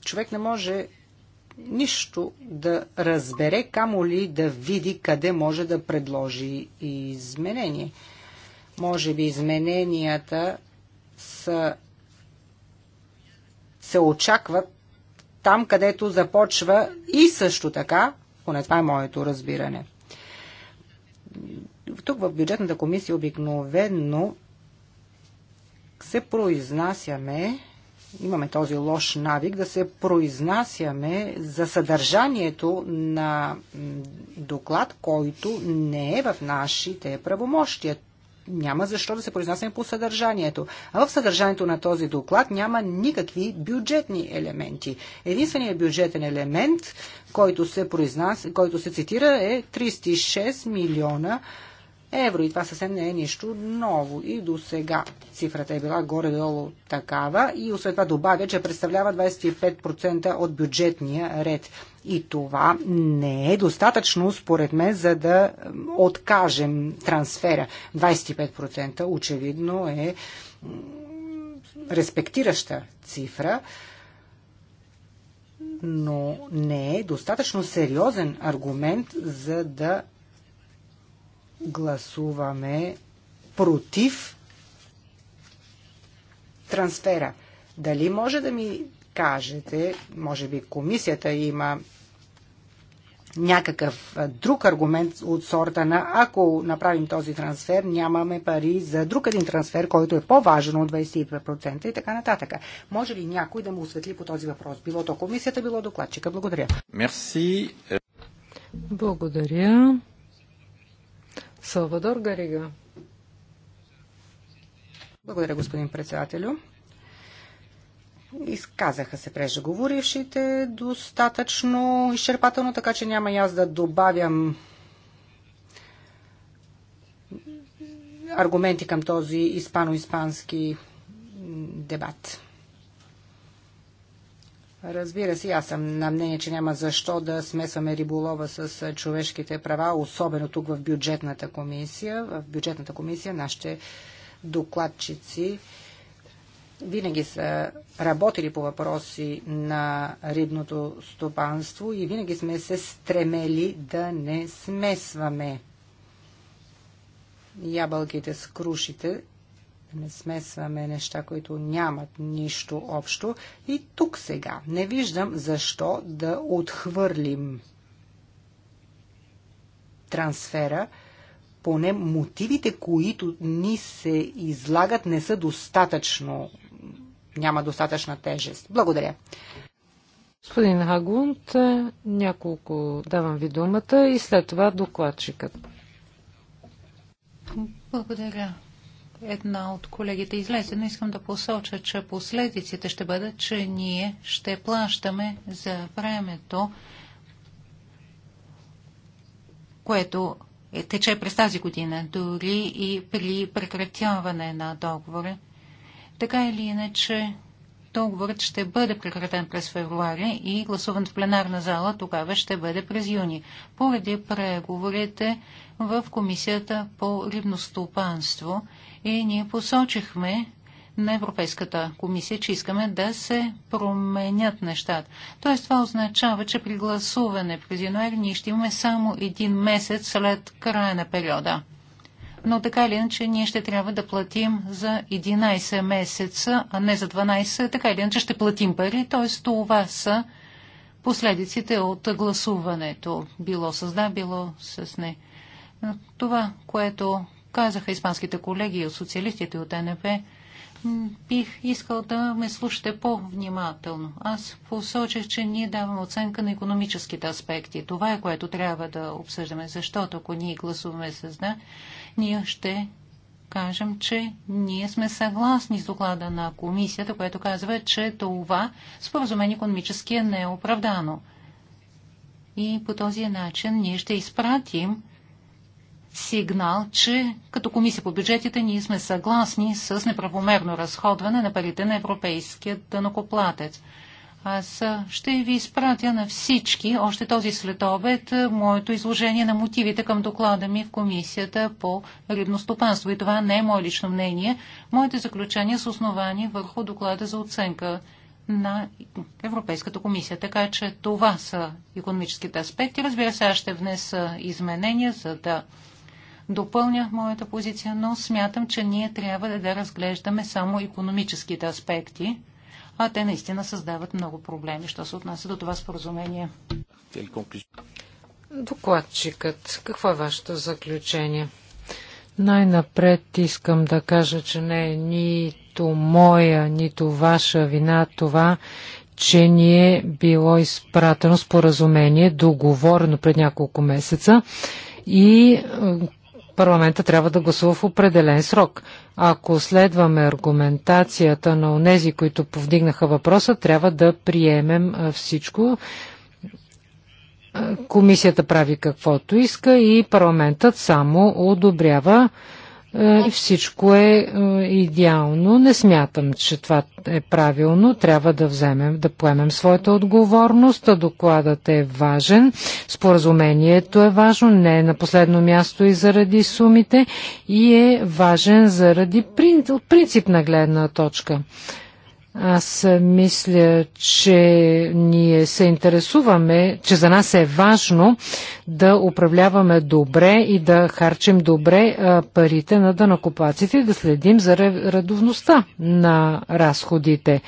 човек не може нищо да разбере, камо ли да види къде може да предложи изменение. Може би измененията са, се очакват там, където започва и също така, поне това е моето разбиране. Тук в бюджетната комисия обикновено се произнасяме имаме този лош навик да се произнасяме за съдържанието на доклад, който не е в нашите правомощия. Няма защо да се произнасяме по съдържанието. А в съдържанието на този доклад няма никакви бюджетни елементи. Единственият бюджетен елемент, който се, произнася, който се цитира е 36 милиона евро. И това съвсем не е нищо ново. И до сега цифрата е била горе-долу такава. И освен това добавя, че представлява 25% от бюджетния ред. И това не е достатъчно, според мен, за да откажем трансфера. 25% очевидно е респектираща цифра но не е достатъчно сериозен аргумент, за да гласуваме против трансфера. Дали може да ми кажете, може би комисията има някакъв друг аргумент от сорта на ако направим този трансфер, нямаме пари за друг един трансфер, който е по-важен от 22% и така нататък. Може ли някой да му осветли по този въпрос? Било то комисията, било докладчика. Благодаря. Мерси. Благодаря. Салвадор Гарига. Благодаря, господин председателю. Изказаха се преждеговорившите достатъчно изчерпателно, така че няма и аз да добавям аргументи към този испано-испански дебат. Разбира се, аз съм на мнение, че няма защо да смесваме риболова с човешките права, особено тук в бюджетната комисия. В бюджетната комисия нашите докладчици винаги са работили по въпроси на рибното стопанство и винаги сме се стремели да не смесваме ябълките с крушите не смесваме неща, които нямат нищо общо. И тук сега не виждам защо да отхвърлим трансфера, поне мотивите, които ни се излагат, не са достатъчно, няма достатъчна тежест. Благодаря. Господин Хагунт, няколко давам ви думата и след това докладчикът. Благодаря, една от колегите излезе, но искам да посоча, че последиците ще бъдат, че ние ще плащаме за времето, което е тече през тази година, дори и при прекратяване на договора. Така или иначе, договорът ще бъде прекратен през февруари и гласуван в пленарна зала тогава ще бъде през юни, поради преговорите в Комисията по рибностопанство и ние посочихме на Европейската комисия, че искаме да се променят нещата. Тоест това означава, че при гласуване през януари ние ще имаме само един месец след края на периода. Но така или иначе ние ще трябва да платим за 11 месеца, а не за 12. Така или иначе ще платим пари, Тоест, това са последиците от гласуването. Било с да, било с не. Това, което казаха испанските колеги от социалистите от НП, бих искал да ме слушате по-внимателно. Аз посочих, че ние даваме оценка на економическите аспекти. Това е което трябва да обсъждаме, защото ако ние гласуваме с да, ние ще кажем, че ние сме съгласни с доклада на комисията, което казва, че това споразумение економически е оправдано. И по този начин ние ще изпратим сигнал, че като комисия по бюджетите ние сме съгласни с неправомерно разходване на парите на европейския дънокоплатец. Аз ще ви изпратя на всички, още този следобед, моето изложение на мотивите към доклада ми в комисията по рибно стопанство. И това не е мое лично мнение. Моите заключения са основани върху доклада за оценка на Европейската комисия. Така че това са економическите аспекти. Разбира се, аз ще внеса изменения, за да допълня моята позиция, но смятам, че ние трябва да, да разглеждаме само економическите аспекти, а те наистина създават много проблеми, що се отнася до това споразумение. Докладчикът, какво е вашето заключение? Най-напред искам да кажа, че не е нито моя, нито ваша вина това, че ни е било изпратено споразумение, договорено пред няколко месеца и парламента трябва да гласува в определен срок. Ако следваме аргументацията на онези, които повдигнаха въпроса, трябва да приемем всичко. Комисията прави каквото иска и парламентът само одобрява. Е, и всичко е, е идеално. Не смятам, че това е правилно. Трябва да вземем, да поемем своята отговорност. Докладът е важен. Споразумението е важно. Не е на последно място и заради сумите. И е важен заради от принципна гледна точка. Аз мисля, че ние се интересуваме, че за нас е важно да управляваме добре и да харчим добре парите на дънакопаците и да следим за редовността на разходите.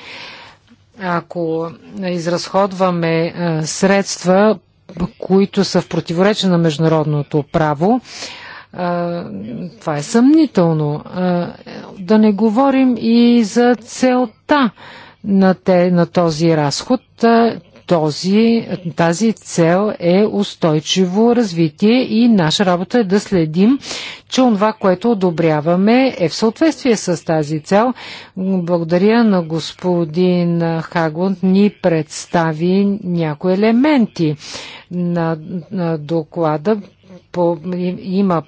Ако изразходваме средства, които са в противоречие на международното право, това е съмнително. Да не говорим и за целта на, те, на този разход. Този, тази цел е устойчиво развитие и наша работа е да следим, че това, което одобряваме е в съответствие с тази цел. Благодаря на господин Хагунд ни представи някои елементи на, на доклада по, има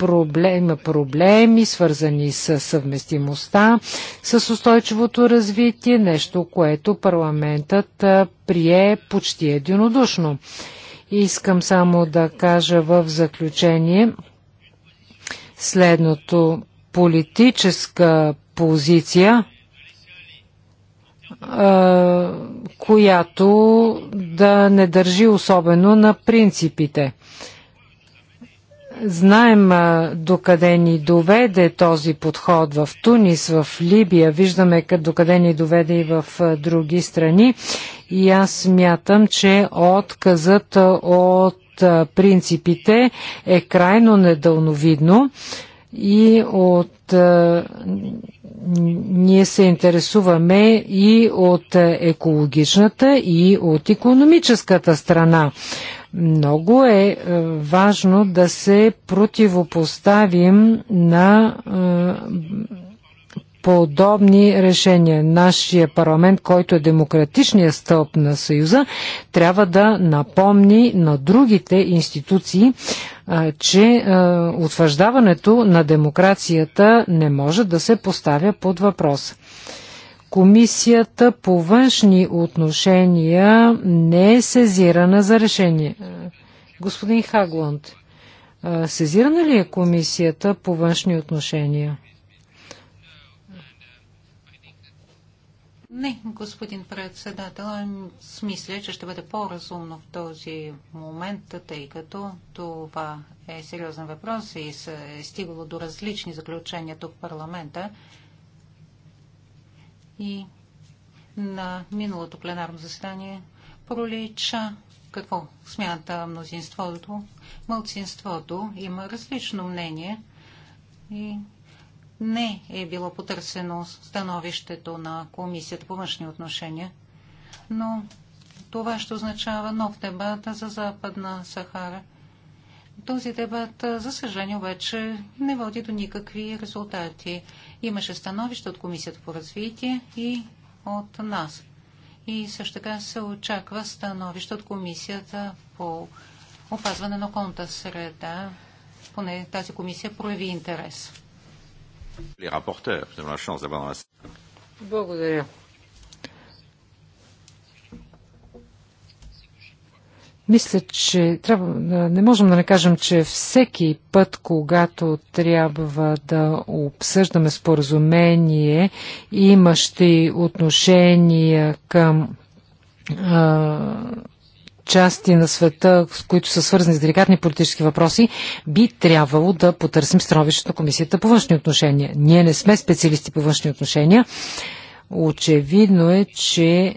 проблем, проблеми, свързани с съвместимостта, с устойчивото развитие, нещо, което парламентът прие почти единодушно. Искам само да кажа в заключение следното политическа позиция, която да не държи особено на принципите. Знаем докъде ни доведе този подход в Тунис, в Либия, виждаме докъде ни доведе и в други страни и аз смятам, че отказът от принципите е крайно недълновидно и от ние се интересуваме и от екологичната, и от економическата страна много е, е важно да се противопоставим на е, подобни решения. Нашия парламент, който е демократичният стълб на Съюза, трябва да напомни на другите институции, е, че утвърждаването на демокрацията не може да се поставя под въпрос. Комисията по външни отношения не е сезирана за решение. Е, господин Хагланд, е, сезирана ли е комисията по външни отношения? Не, господин председател, смисля, че ще бъде по-разумно в този момент, тъй като това е сериозен въпрос и се е стигало до различни заключения тук в парламента. И на миналото пленарно заседание пролича какво смята мнозинството. Мълцинството има различно мнение и не е било потърсено становището на Комисията по външни отношения, но това ще означава нов дебат за Западна Сахара. Този дебат, за съжаление, обаче не води до никакви резултати. Имаше становище от Комисията по развитие и от нас. И също така се очаква становище от Комисията по опазване на околната среда. Поне тази комисия прояви интерес. Благодаря. Мисля, че трябва, не можем да не кажем, че всеки път, когато трябва да обсъждаме споразумение, имащи отношения към а, части на света, с които са свързани с деликатни политически въпроси, би трябвало да потърсим становището на Комисията по външни отношения. Ние не сме специалисти по външни отношения. Очевидно е, че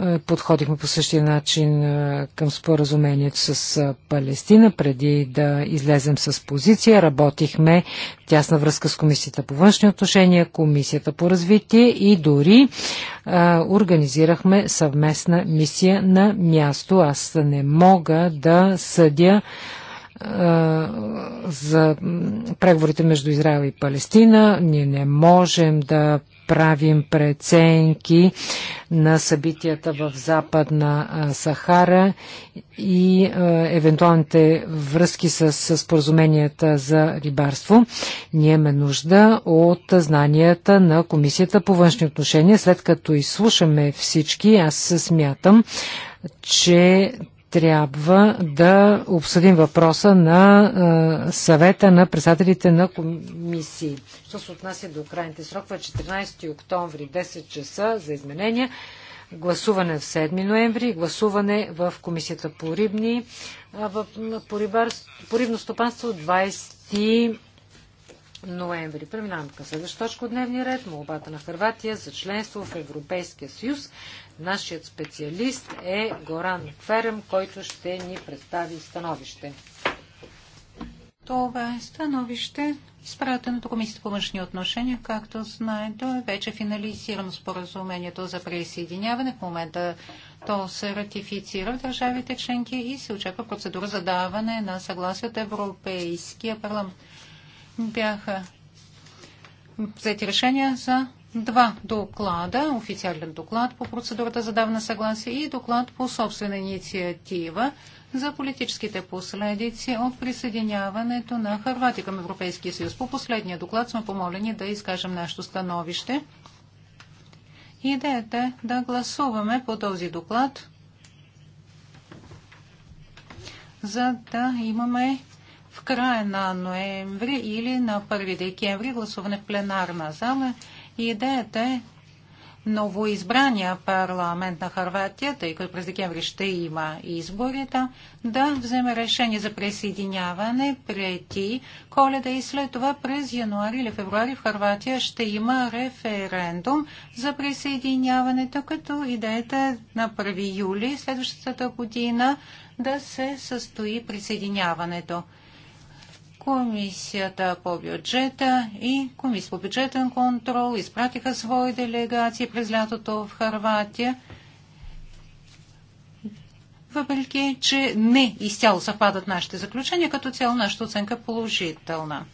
е, подходихме по същия начин е, към споразумението с е, Палестина, преди да излезем с позиция. Работихме в тясна връзка с Комисията по външни отношения, Комисията по развитие и дори а, организирахме съвместна мисия на място. Аз не мога да съдя за преговорите между Израел и Палестина. Ние не можем да правим преценки на събитията в Западна Сахара и евентуалните връзки с, с споразуменията за рибарство. Ние имаме нужда от знанията на Комисията по външни отношения. След като изслушаме всички, аз смятам, че трябва да обсъдим въпроса на а, съвета на председателите на комисии. Що се отнася до крайните срокове, 14 октомври 10 часа за изменения, гласуване в 7 ноември, гласуване в комисията по рибни, в, по, рибар, по рибно стопанство 20 ноември. Преминавам към следващата точка от дневния ред, молбата на Харватия за членство в Европейския съюз. Нашият специалист е Горан Ферем, който ще ни представи становище. Това е становище, изпратено до Комисията по външни отношения, както знаете, е вече финализирано споразумението за присъединяване. В момента то се ратифицира в държавите членки и се очаква процедура за даване на съгласие от Европейския парламент. Бяха взети решения за два доклада. Официален доклад по процедурата за давна съгласие и доклад по собствена инициатива за политическите последици от присъединяването на Харватия към Европейския съюз. По последния доклад сме помолени да изкажем нашето становище. Идеята е да гласуваме по този доклад, за да имаме в края на ноември или на 1 декември гласуване в пленарна зала Идеята е новоизбрания парламент на Харватия, тъй като през декември ще има изборите, да вземе решение за присъединяване преди коледа и след това през януари или февруари в Харватия ще има референдум за присъединяването, като идеята е на 1 юли следващата година да се състои присъединяването. Комисията по бюджета и Комисията по бюджетен контрол изпратиха свои делегации през лятото в Харватия. Въпреки, че не изцяло съвпадат нашите заключения, като цяло нашата оценка е положителна.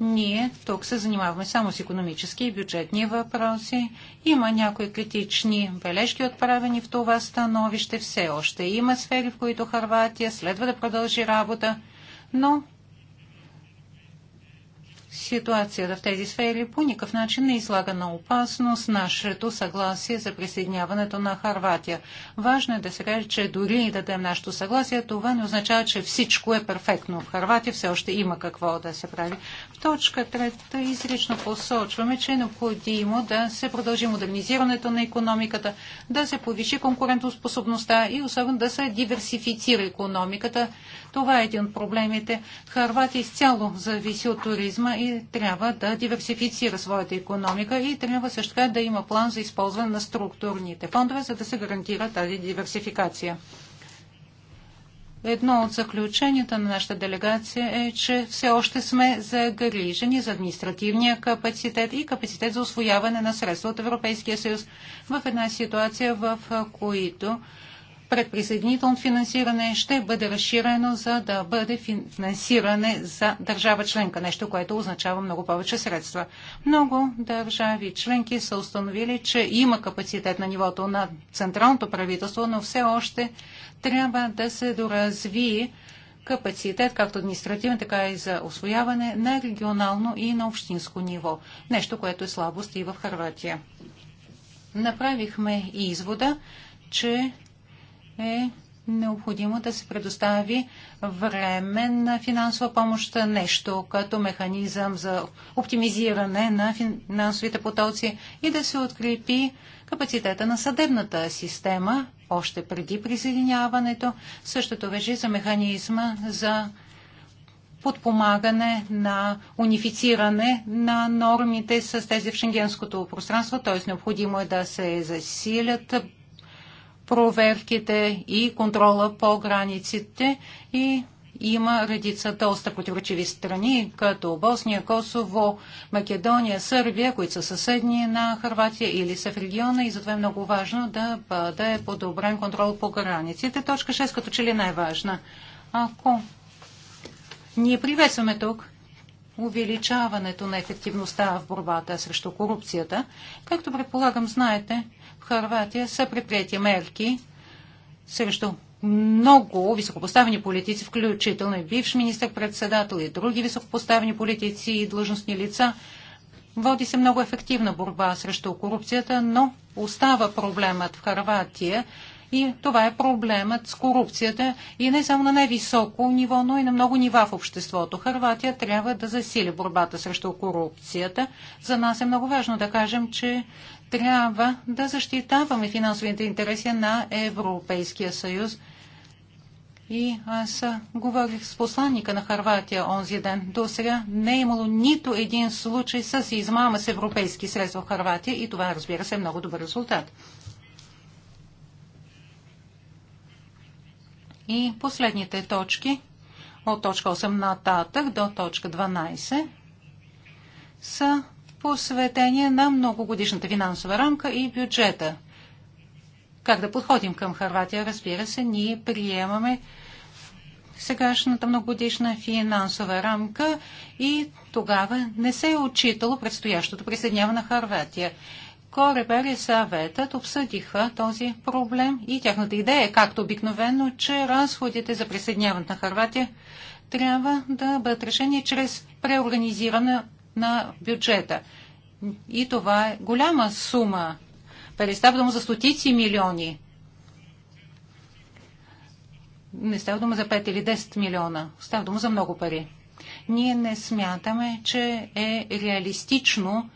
Ние тук се занимаваме само с економически и бюджетни въпроси. Има някои критични бележки отправени в това становище. Все още има сфери, в които Харватия следва да продължи работа, но ситуацията в тези сфери по никакъв начин не излага на опасност нашето съгласие за присъединяването на Харватия. Важно е да се каже, че дори и да дадем нашето съгласие, това не означава, че всичко е перфектно. В Харватия все още има какво да се прави. В точка трета изрично посочваме, че е необходимо да се продължи модернизирането на економиката, да се повиши конкурентоспособността и особено да се диверсифицира економиката. Това е един от проблемите. Харватия изцяло зависи от туризма и трябва да диверсифицира своята економика и трябва също така да има план за използване на структурните фондове, за да се гарантира тази диверсификация. Едно от заключенията на нашата делегация е, че все още сме загрижени за административния капацитет и капацитет за освояване на средства от Европейския съюз в една ситуация, в която предприсъединително финансиране ще бъде разширено, за да бъде финансиране за държава членка, нещо, което означава много повече средства. Много държави членки са установили, че има капацитет на нивото на централното правителство, но все още трябва да се доразвие капацитет, както административен, така и за освояване на регионално и на общинско ниво. Нещо, което е слабост и в Харватия. Направихме и извода, че е необходимо да се предостави на финансова помощ, нещо като механизъм за оптимизиране на финансовите потоци и да се открепи капацитета на съдебната система още преди присъединяването. Същото вежи за механизма за подпомагане на унифициране на нормите с тези в шенгенското пространство, т.е. необходимо е да се засилят проверките и контрола по границите и има редица доста противоречиви страни, като Босния, Косово, Македония, Сърбия, които са съседни на Харватия или са в региона и затова е много важно да бъде подобрен контрол по границите. Точка 6 като че ли е най-важна. Ако ние приветстваме тук увеличаването на ефективността в борбата срещу корупцията, както предполагам знаете, Харватия са предприяти мерки срещу много високопоставени политици, включително и бивш министър-председател и други високопоставени политици и длъжностни лица. Води се много ефективна борба срещу корупцията, но остава проблемът в Харватия и това е проблемът с корупцията и не само на най-високо ниво, но и на много нива в обществото. Харватия трябва да засили борбата срещу корупцията. За нас е много важно да кажем, че трябва да защитаваме финансовите интереси на Европейския съюз. И аз говорих с посланника на Харватия онзи ден. До сега не е имало нито един случай с измама с европейски средства в Харватия и това, разбира се, е много добър резултат. И последните точки от точка 8 нататък до точка 12 са Посветение на многогодишната финансова рамка и бюджета. Как да подходим към Харватия, разбира се, ние приемаме сегашната многогодишна финансова рамка и тогава не се е отчитало предстоящото присъединяване на Харватия. Корепер и съветът обсъдиха този проблем и тяхната идея е, както обикновено, че разходите за присъединяването на Харватия трябва да бъдат решени чрез преорганизиране на бюджета. И това е голяма сума. Пари става дума за стотици милиони. Не става дума за 5 или 10 милиона. Става дума за много пари. Ние не смятаме, че е реалистично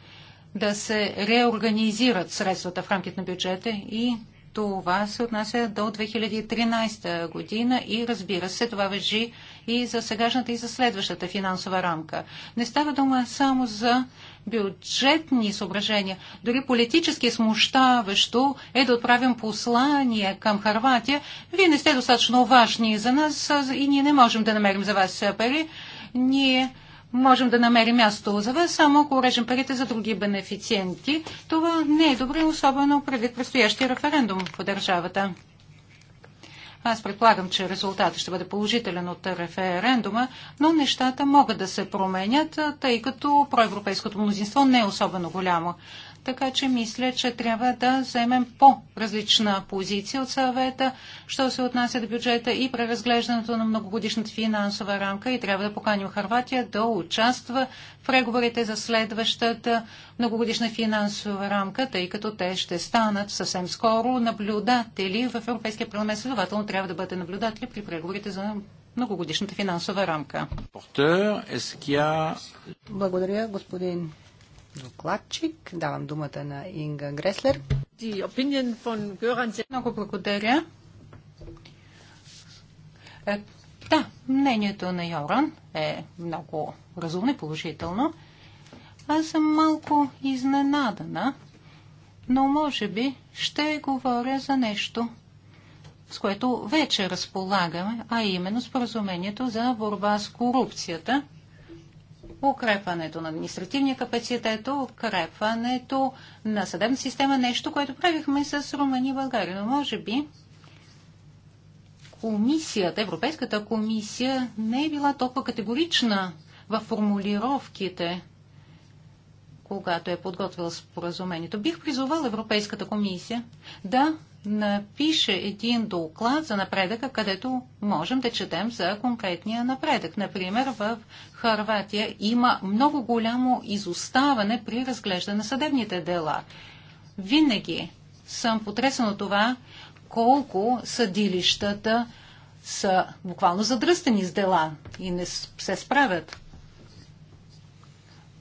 да се реорганизират средствата в рамките на бюджета и това се отнася до 2013 година и разбира се, това въжи и за сегашната и за следващата финансова рамка. Не става дума само за бюджетни съображения, дори политически смущаващо е да отправим послание към Харватия. Вие не сте достатъчно важни за нас и ние не можем да намерим за вас пари. Ние можем да намерим място за вас, само ако режем парите за други бенефициенти. Това не е добре, особено преди предстоящия референдум по държавата. Аз предполагам, че резултатът ще бъде положителен от референдума, но нещата могат да се променят, тъй като проевропейското мнозинство не е особено голямо. Така че мисля, че трябва да вземем по-различна позиция от съвета, що се отнася до бюджета и преразглеждането на многогодишната финансова рамка и трябва да поканим Харватия да участва в преговорите за следващата многогодишна финансова рамка, тъй като те ще станат съвсем скоро наблюдатели в Европейския парламент. Следователно трябва да бъдете наблюдатели при преговорите за многогодишната финансова рамка. Благодаря, господин докладчик. Давам думата на Инга Греслер. Много благодаря. Е, да, мнението на Йоран е много разумно и положително. Аз съм малко изненадана, но може би ще говоря за нещо, с което вече разполагаме, а именно споразумението за борба с корупцията – укрепването на административния капацитет, укрепването на съдебна система, нещо, което правихме с Румъния и България. Но може би комисията, Европейската комисия не е била толкова категорична в формулировките, когато е подготвила споразумението. Бих призовал Европейската комисия да напише един доклад за напредъка, където можем да четем за конкретния напредък. Например, в Харватия има много голямо изоставане при разглеждане на съдебните дела. Винаги съм потресен от това, колко съдилищата са буквално задръстени с дела и не се справят.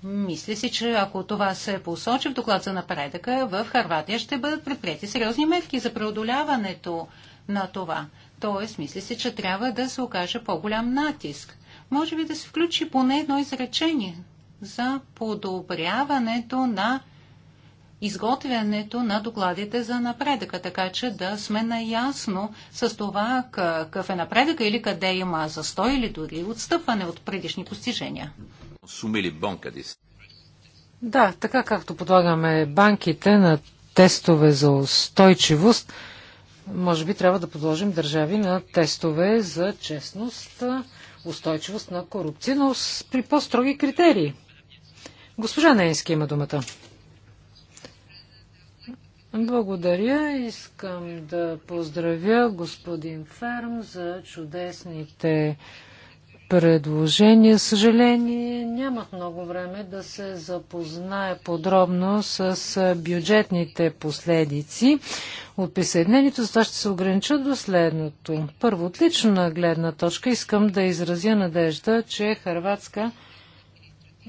Мисля си, че ако това се посочи в доклад за напредъка, в Харватия ще бъдат предприяти сериозни мерки за преодоляването на това. Тоест, мисля си, че трябва да се окаже по-голям натиск. Може би да се включи поне едно изречение за подобряването на изготвянето на докладите за напредъка, така че да сме наясно с това какъв е напредъка или къде има застой или дори отстъпване от предишни постижения. Да, така както подлагаме банките на тестове за устойчивост, може би трябва да подложим държави на тестове за честност, устойчивост на корупция, но при по-строги критерии. Госпожа Ненски има думата. Благодаря. Искам да поздравя господин Ферм за чудесните предложение. Съжаление, нямах много време да се запознае подробно с бюджетните последици от присъединението, затова ще се огранича до следното. Първо, отлично на гледна точка искам да изразя надежда, че Харватска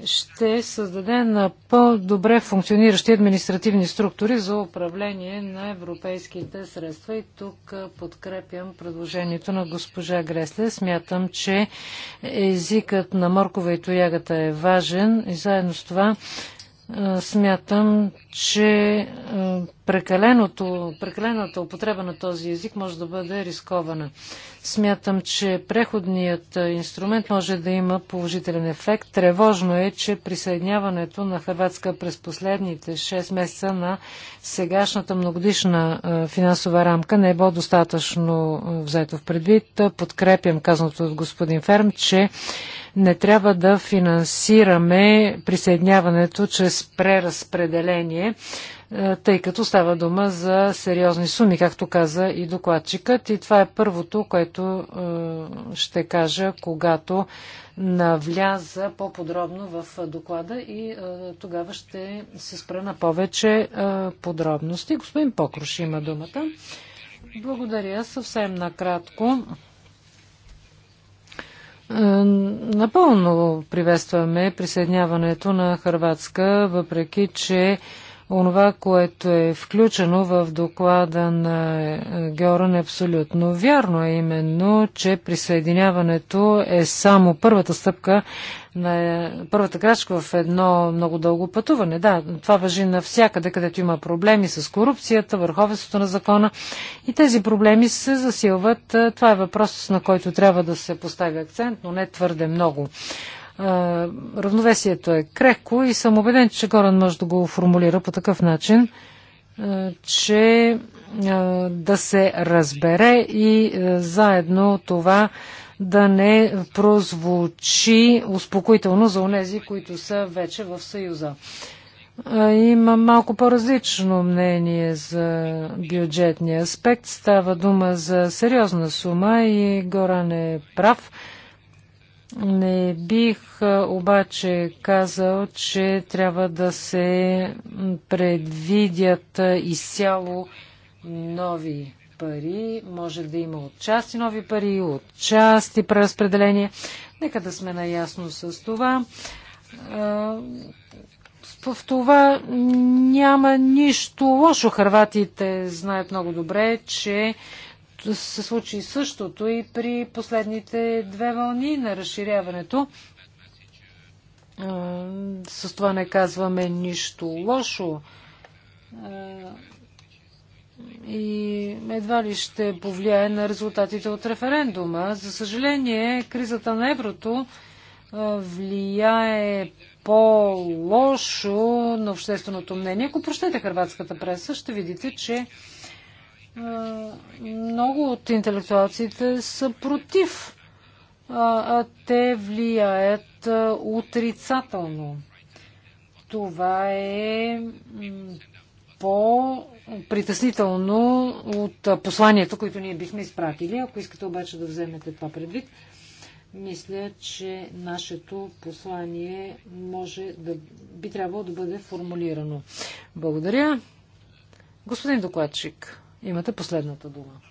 ще създаде на по-добре функциониращи административни структури за управление на европейските средства. И тук подкрепям предложението на госпожа Гресле. Смятам, че езикът на моркова и тоягата е важен и заедно с това е, смятам, че е, прекалената употреба на този език може да бъде рискована. Смятам, че преходният е, инструмент може да има положителен ефект. Тревожно е, че присъединяването на Хрватска през последните 6 месеца на сегашната многодишна финансова рамка не е било достатъчно взето в предвид. Подкрепям казаното от господин Ферм, че не трябва да финансираме присъединяването чрез преразпределение, е, тъй като става дума за сериозни суми, както каза и докладчикът. И това е първото, което е, ще кажа, когато навляза по-подробно в доклада и е, тогава ще се спра на повече подробности. Господин Покруш има думата. Благодаря съвсем накратко. Е, напълно приветстваме присъединяването на Харватска, въпреки че онова, което е включено в доклада на е, Георан е абсолютно вярно, е именно, че присъединяването е само първата стъпка на първата крачка в едно много дълго пътуване. Да, това въжи навсякъде, където има проблеми с корупцията, върховенството на закона и тези проблеми се засилват. Е, това е въпрос, на който трябва да се постави акцент, но не твърде много. Е, равновесието е крехко и съм убеден, че Горан може да го формулира по такъв начин, е, че да се разбере и заедно това да не прозвучи успокоително за онези, които са вече в Съюза. Има малко по-различно мнение за бюджетния аспект. Става дума за сериозна сума и Горан е прав. Не бих обаче казал, че трябва да се предвидят изцяло нови пари, може да има от части нови пари, от части преразпределение. Нека да сме наясно с това. В това няма нищо лошо. Харватите знаят много добре, че се случи същото и при последните две вълни на разширяването. С това не казваме нищо лошо и едва ли ще повлияе на резултатите от референдума. За съжаление, кризата на еврото влияе по-лошо на общественото мнение. Ако прощете хрватската преса, ще видите, че много от интелектуалците са против, а те влияят отрицателно. Това е по-притеснително от посланието, които ние бихме изпратили. Ако искате обаче да вземете това предвид, мисля, че нашето послание може да би трябвало да бъде формулирано. Благодаря. Господин докладчик, имате последната дума.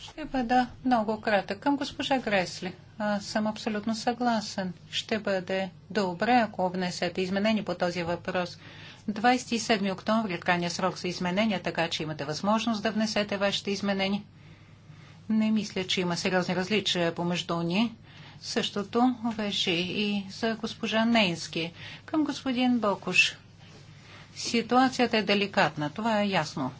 Ще бъда много кратък към госпожа Гресли. Аз съм абсолютно съгласен. Ще бъде добре, ако внесете изменения по този въпрос. 27 октомври е крайния срок за изменения, така че имате възможност да внесете вашите изменения. Не мисля, че има сериозни различия помежду ни. Същото беше и за госпожа Нейнски. Към господин Бокуш. Ситуацията е деликатна, това е ясно.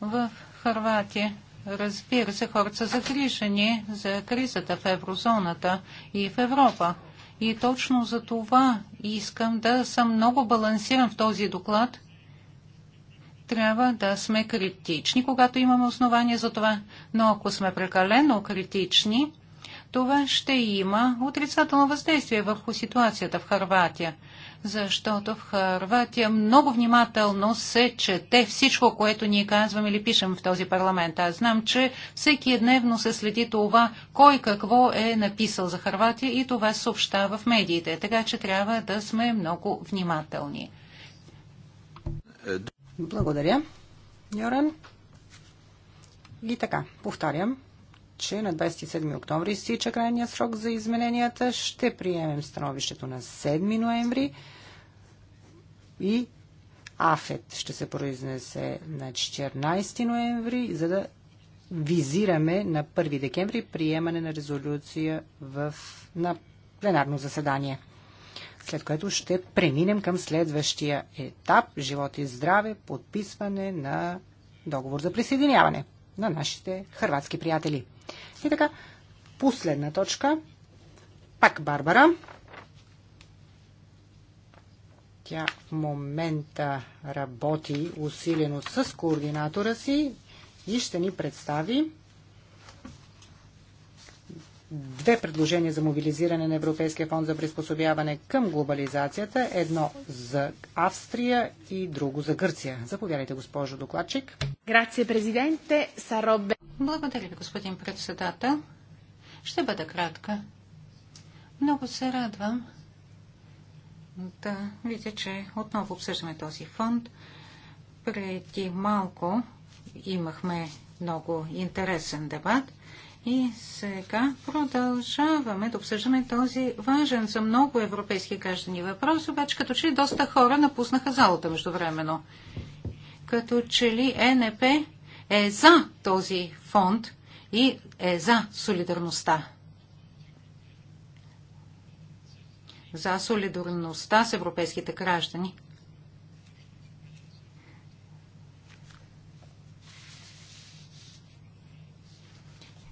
В Харватия, разбира се, хората са загрижени за кризата в еврозоната и в Европа. И точно за това искам да съм много балансиран в този доклад. Трябва да сме критични, когато имаме основания за това. Но ако сме прекалено критични, това ще има отрицателно въздействие върху ситуацията в Харватия защото в Харватия много внимателно се чете всичко, което ние казваме или пишем в този парламент. Аз знам, че всеки дневно се следи това, кой какво е написал за Харватия и това се съобщава в медиите. Така че трябва да сме много внимателни. Благодаря, Йорен. И така, повтарям, че на 27 октомври изтича крайния срок за измененията. Ще приемем становището на 7 ноември и АФЕТ ще се произнесе на 14 ноември, за да визираме на 1 декември приемане на резолюция в, на пленарно заседание. След което ще преминем към следващия етап – живот и здраве, подписване на договор за присъединяване на нашите хрватски приятели. И така, последна точка. Пак Барбара. Тя в момента работи усилено с координатора си и ще ни представи две предложения за мобилизиране на Европейския фонд за приспособяване към глобализацията. Едно за Австрия и друго за Гърция. Заповядайте, госпожо докладчик. Грация, президенте. Саробе. Благодаря ви, господин председател. Ще бъда кратка. Много се радвам, да видите, че отново обсъждаме този фонд. Преди малко имахме много интересен дебат и сега продължаваме да обсъждаме този важен за много европейски граждани въпрос, обаче като че ли доста хора напуснаха залата междувременно. Като че ли ЕНП е за този фонд и е за солидарността. за солидарността с европейските граждани.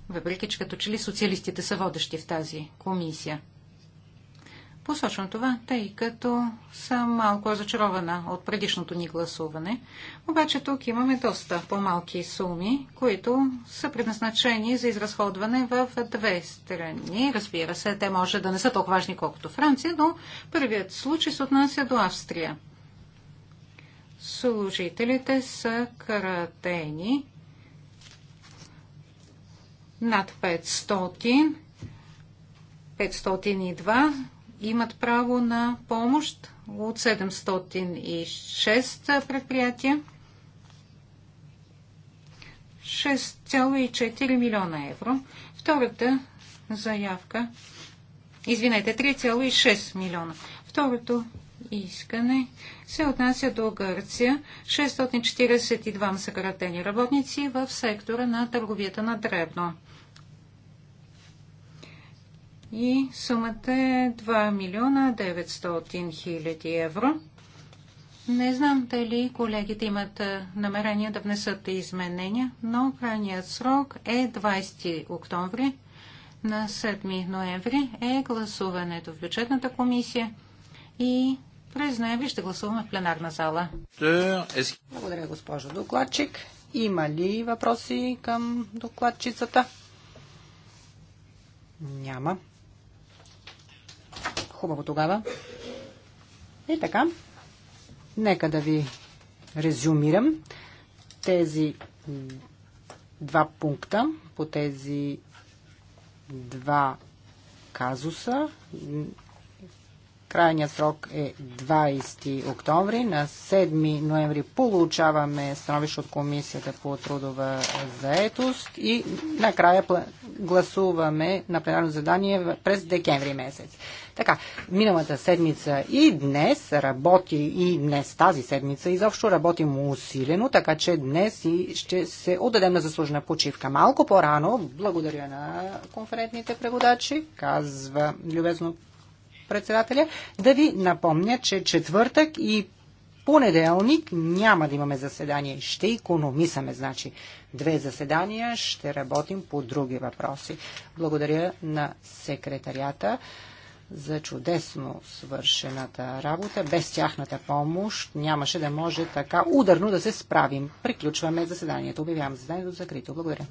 Въпреки, че като че ли социалистите са водещи в тази комисия. Посочвам това, тъй като съм малко разочарована от предишното ни гласуване. Обаче тук имаме доста по-малки суми, които са предназначени за изразходване в две страни. Разбира се, те може да не са толкова важни, колкото Франция, но първият случай се отнася до Австрия. Служителите са кратени над 500 502 имат право на помощ от 706 предприятия. 6,4 милиона евро. Втората заявка, извинете, 3,6 милиона. Второто искане се отнася до Гърция. 642 съкратени работници в сектора на търговията на дребно и сумата е 2 милиона 900 хиляди евро. Не знам дали колегите имат намерение да внесат изменения, но крайният срок е 20 октомври. На 7 ноември е гласуването в бюджетната комисия и през ноември ще гласуваме в пленарна зала. Благодаря, госпожо докладчик. Има ли въпроси към докладчицата? Няма. Хубаво тогава. И е, така, нека да ви резюмирам тези два пункта по тези два казуса. Крайният срок е 20 октомври. На 7 ноември получаваме становище от Комисията по трудова заетост и накрая гласуваме на пленарно задание през декември месец. Така, миналата седмица и днес работи, и днес тази седмица изобщо работим усилено, така че днес и ще се отдадем на заслужена почивка. Малко по-рано, благодаря на конферентните преводачи, казва любезно председателя, да ви напомня, че четвъртък и понеделник няма да имаме заседание. Ще економисаме, значи, две заседания, ще работим по други въпроси. Благодаря на секретарията за чудесно свършената работа. Без тяхната помощ нямаше да може така ударно да се справим. Приключваме заседанието. Обявявам заседанието закрито. Благодаря.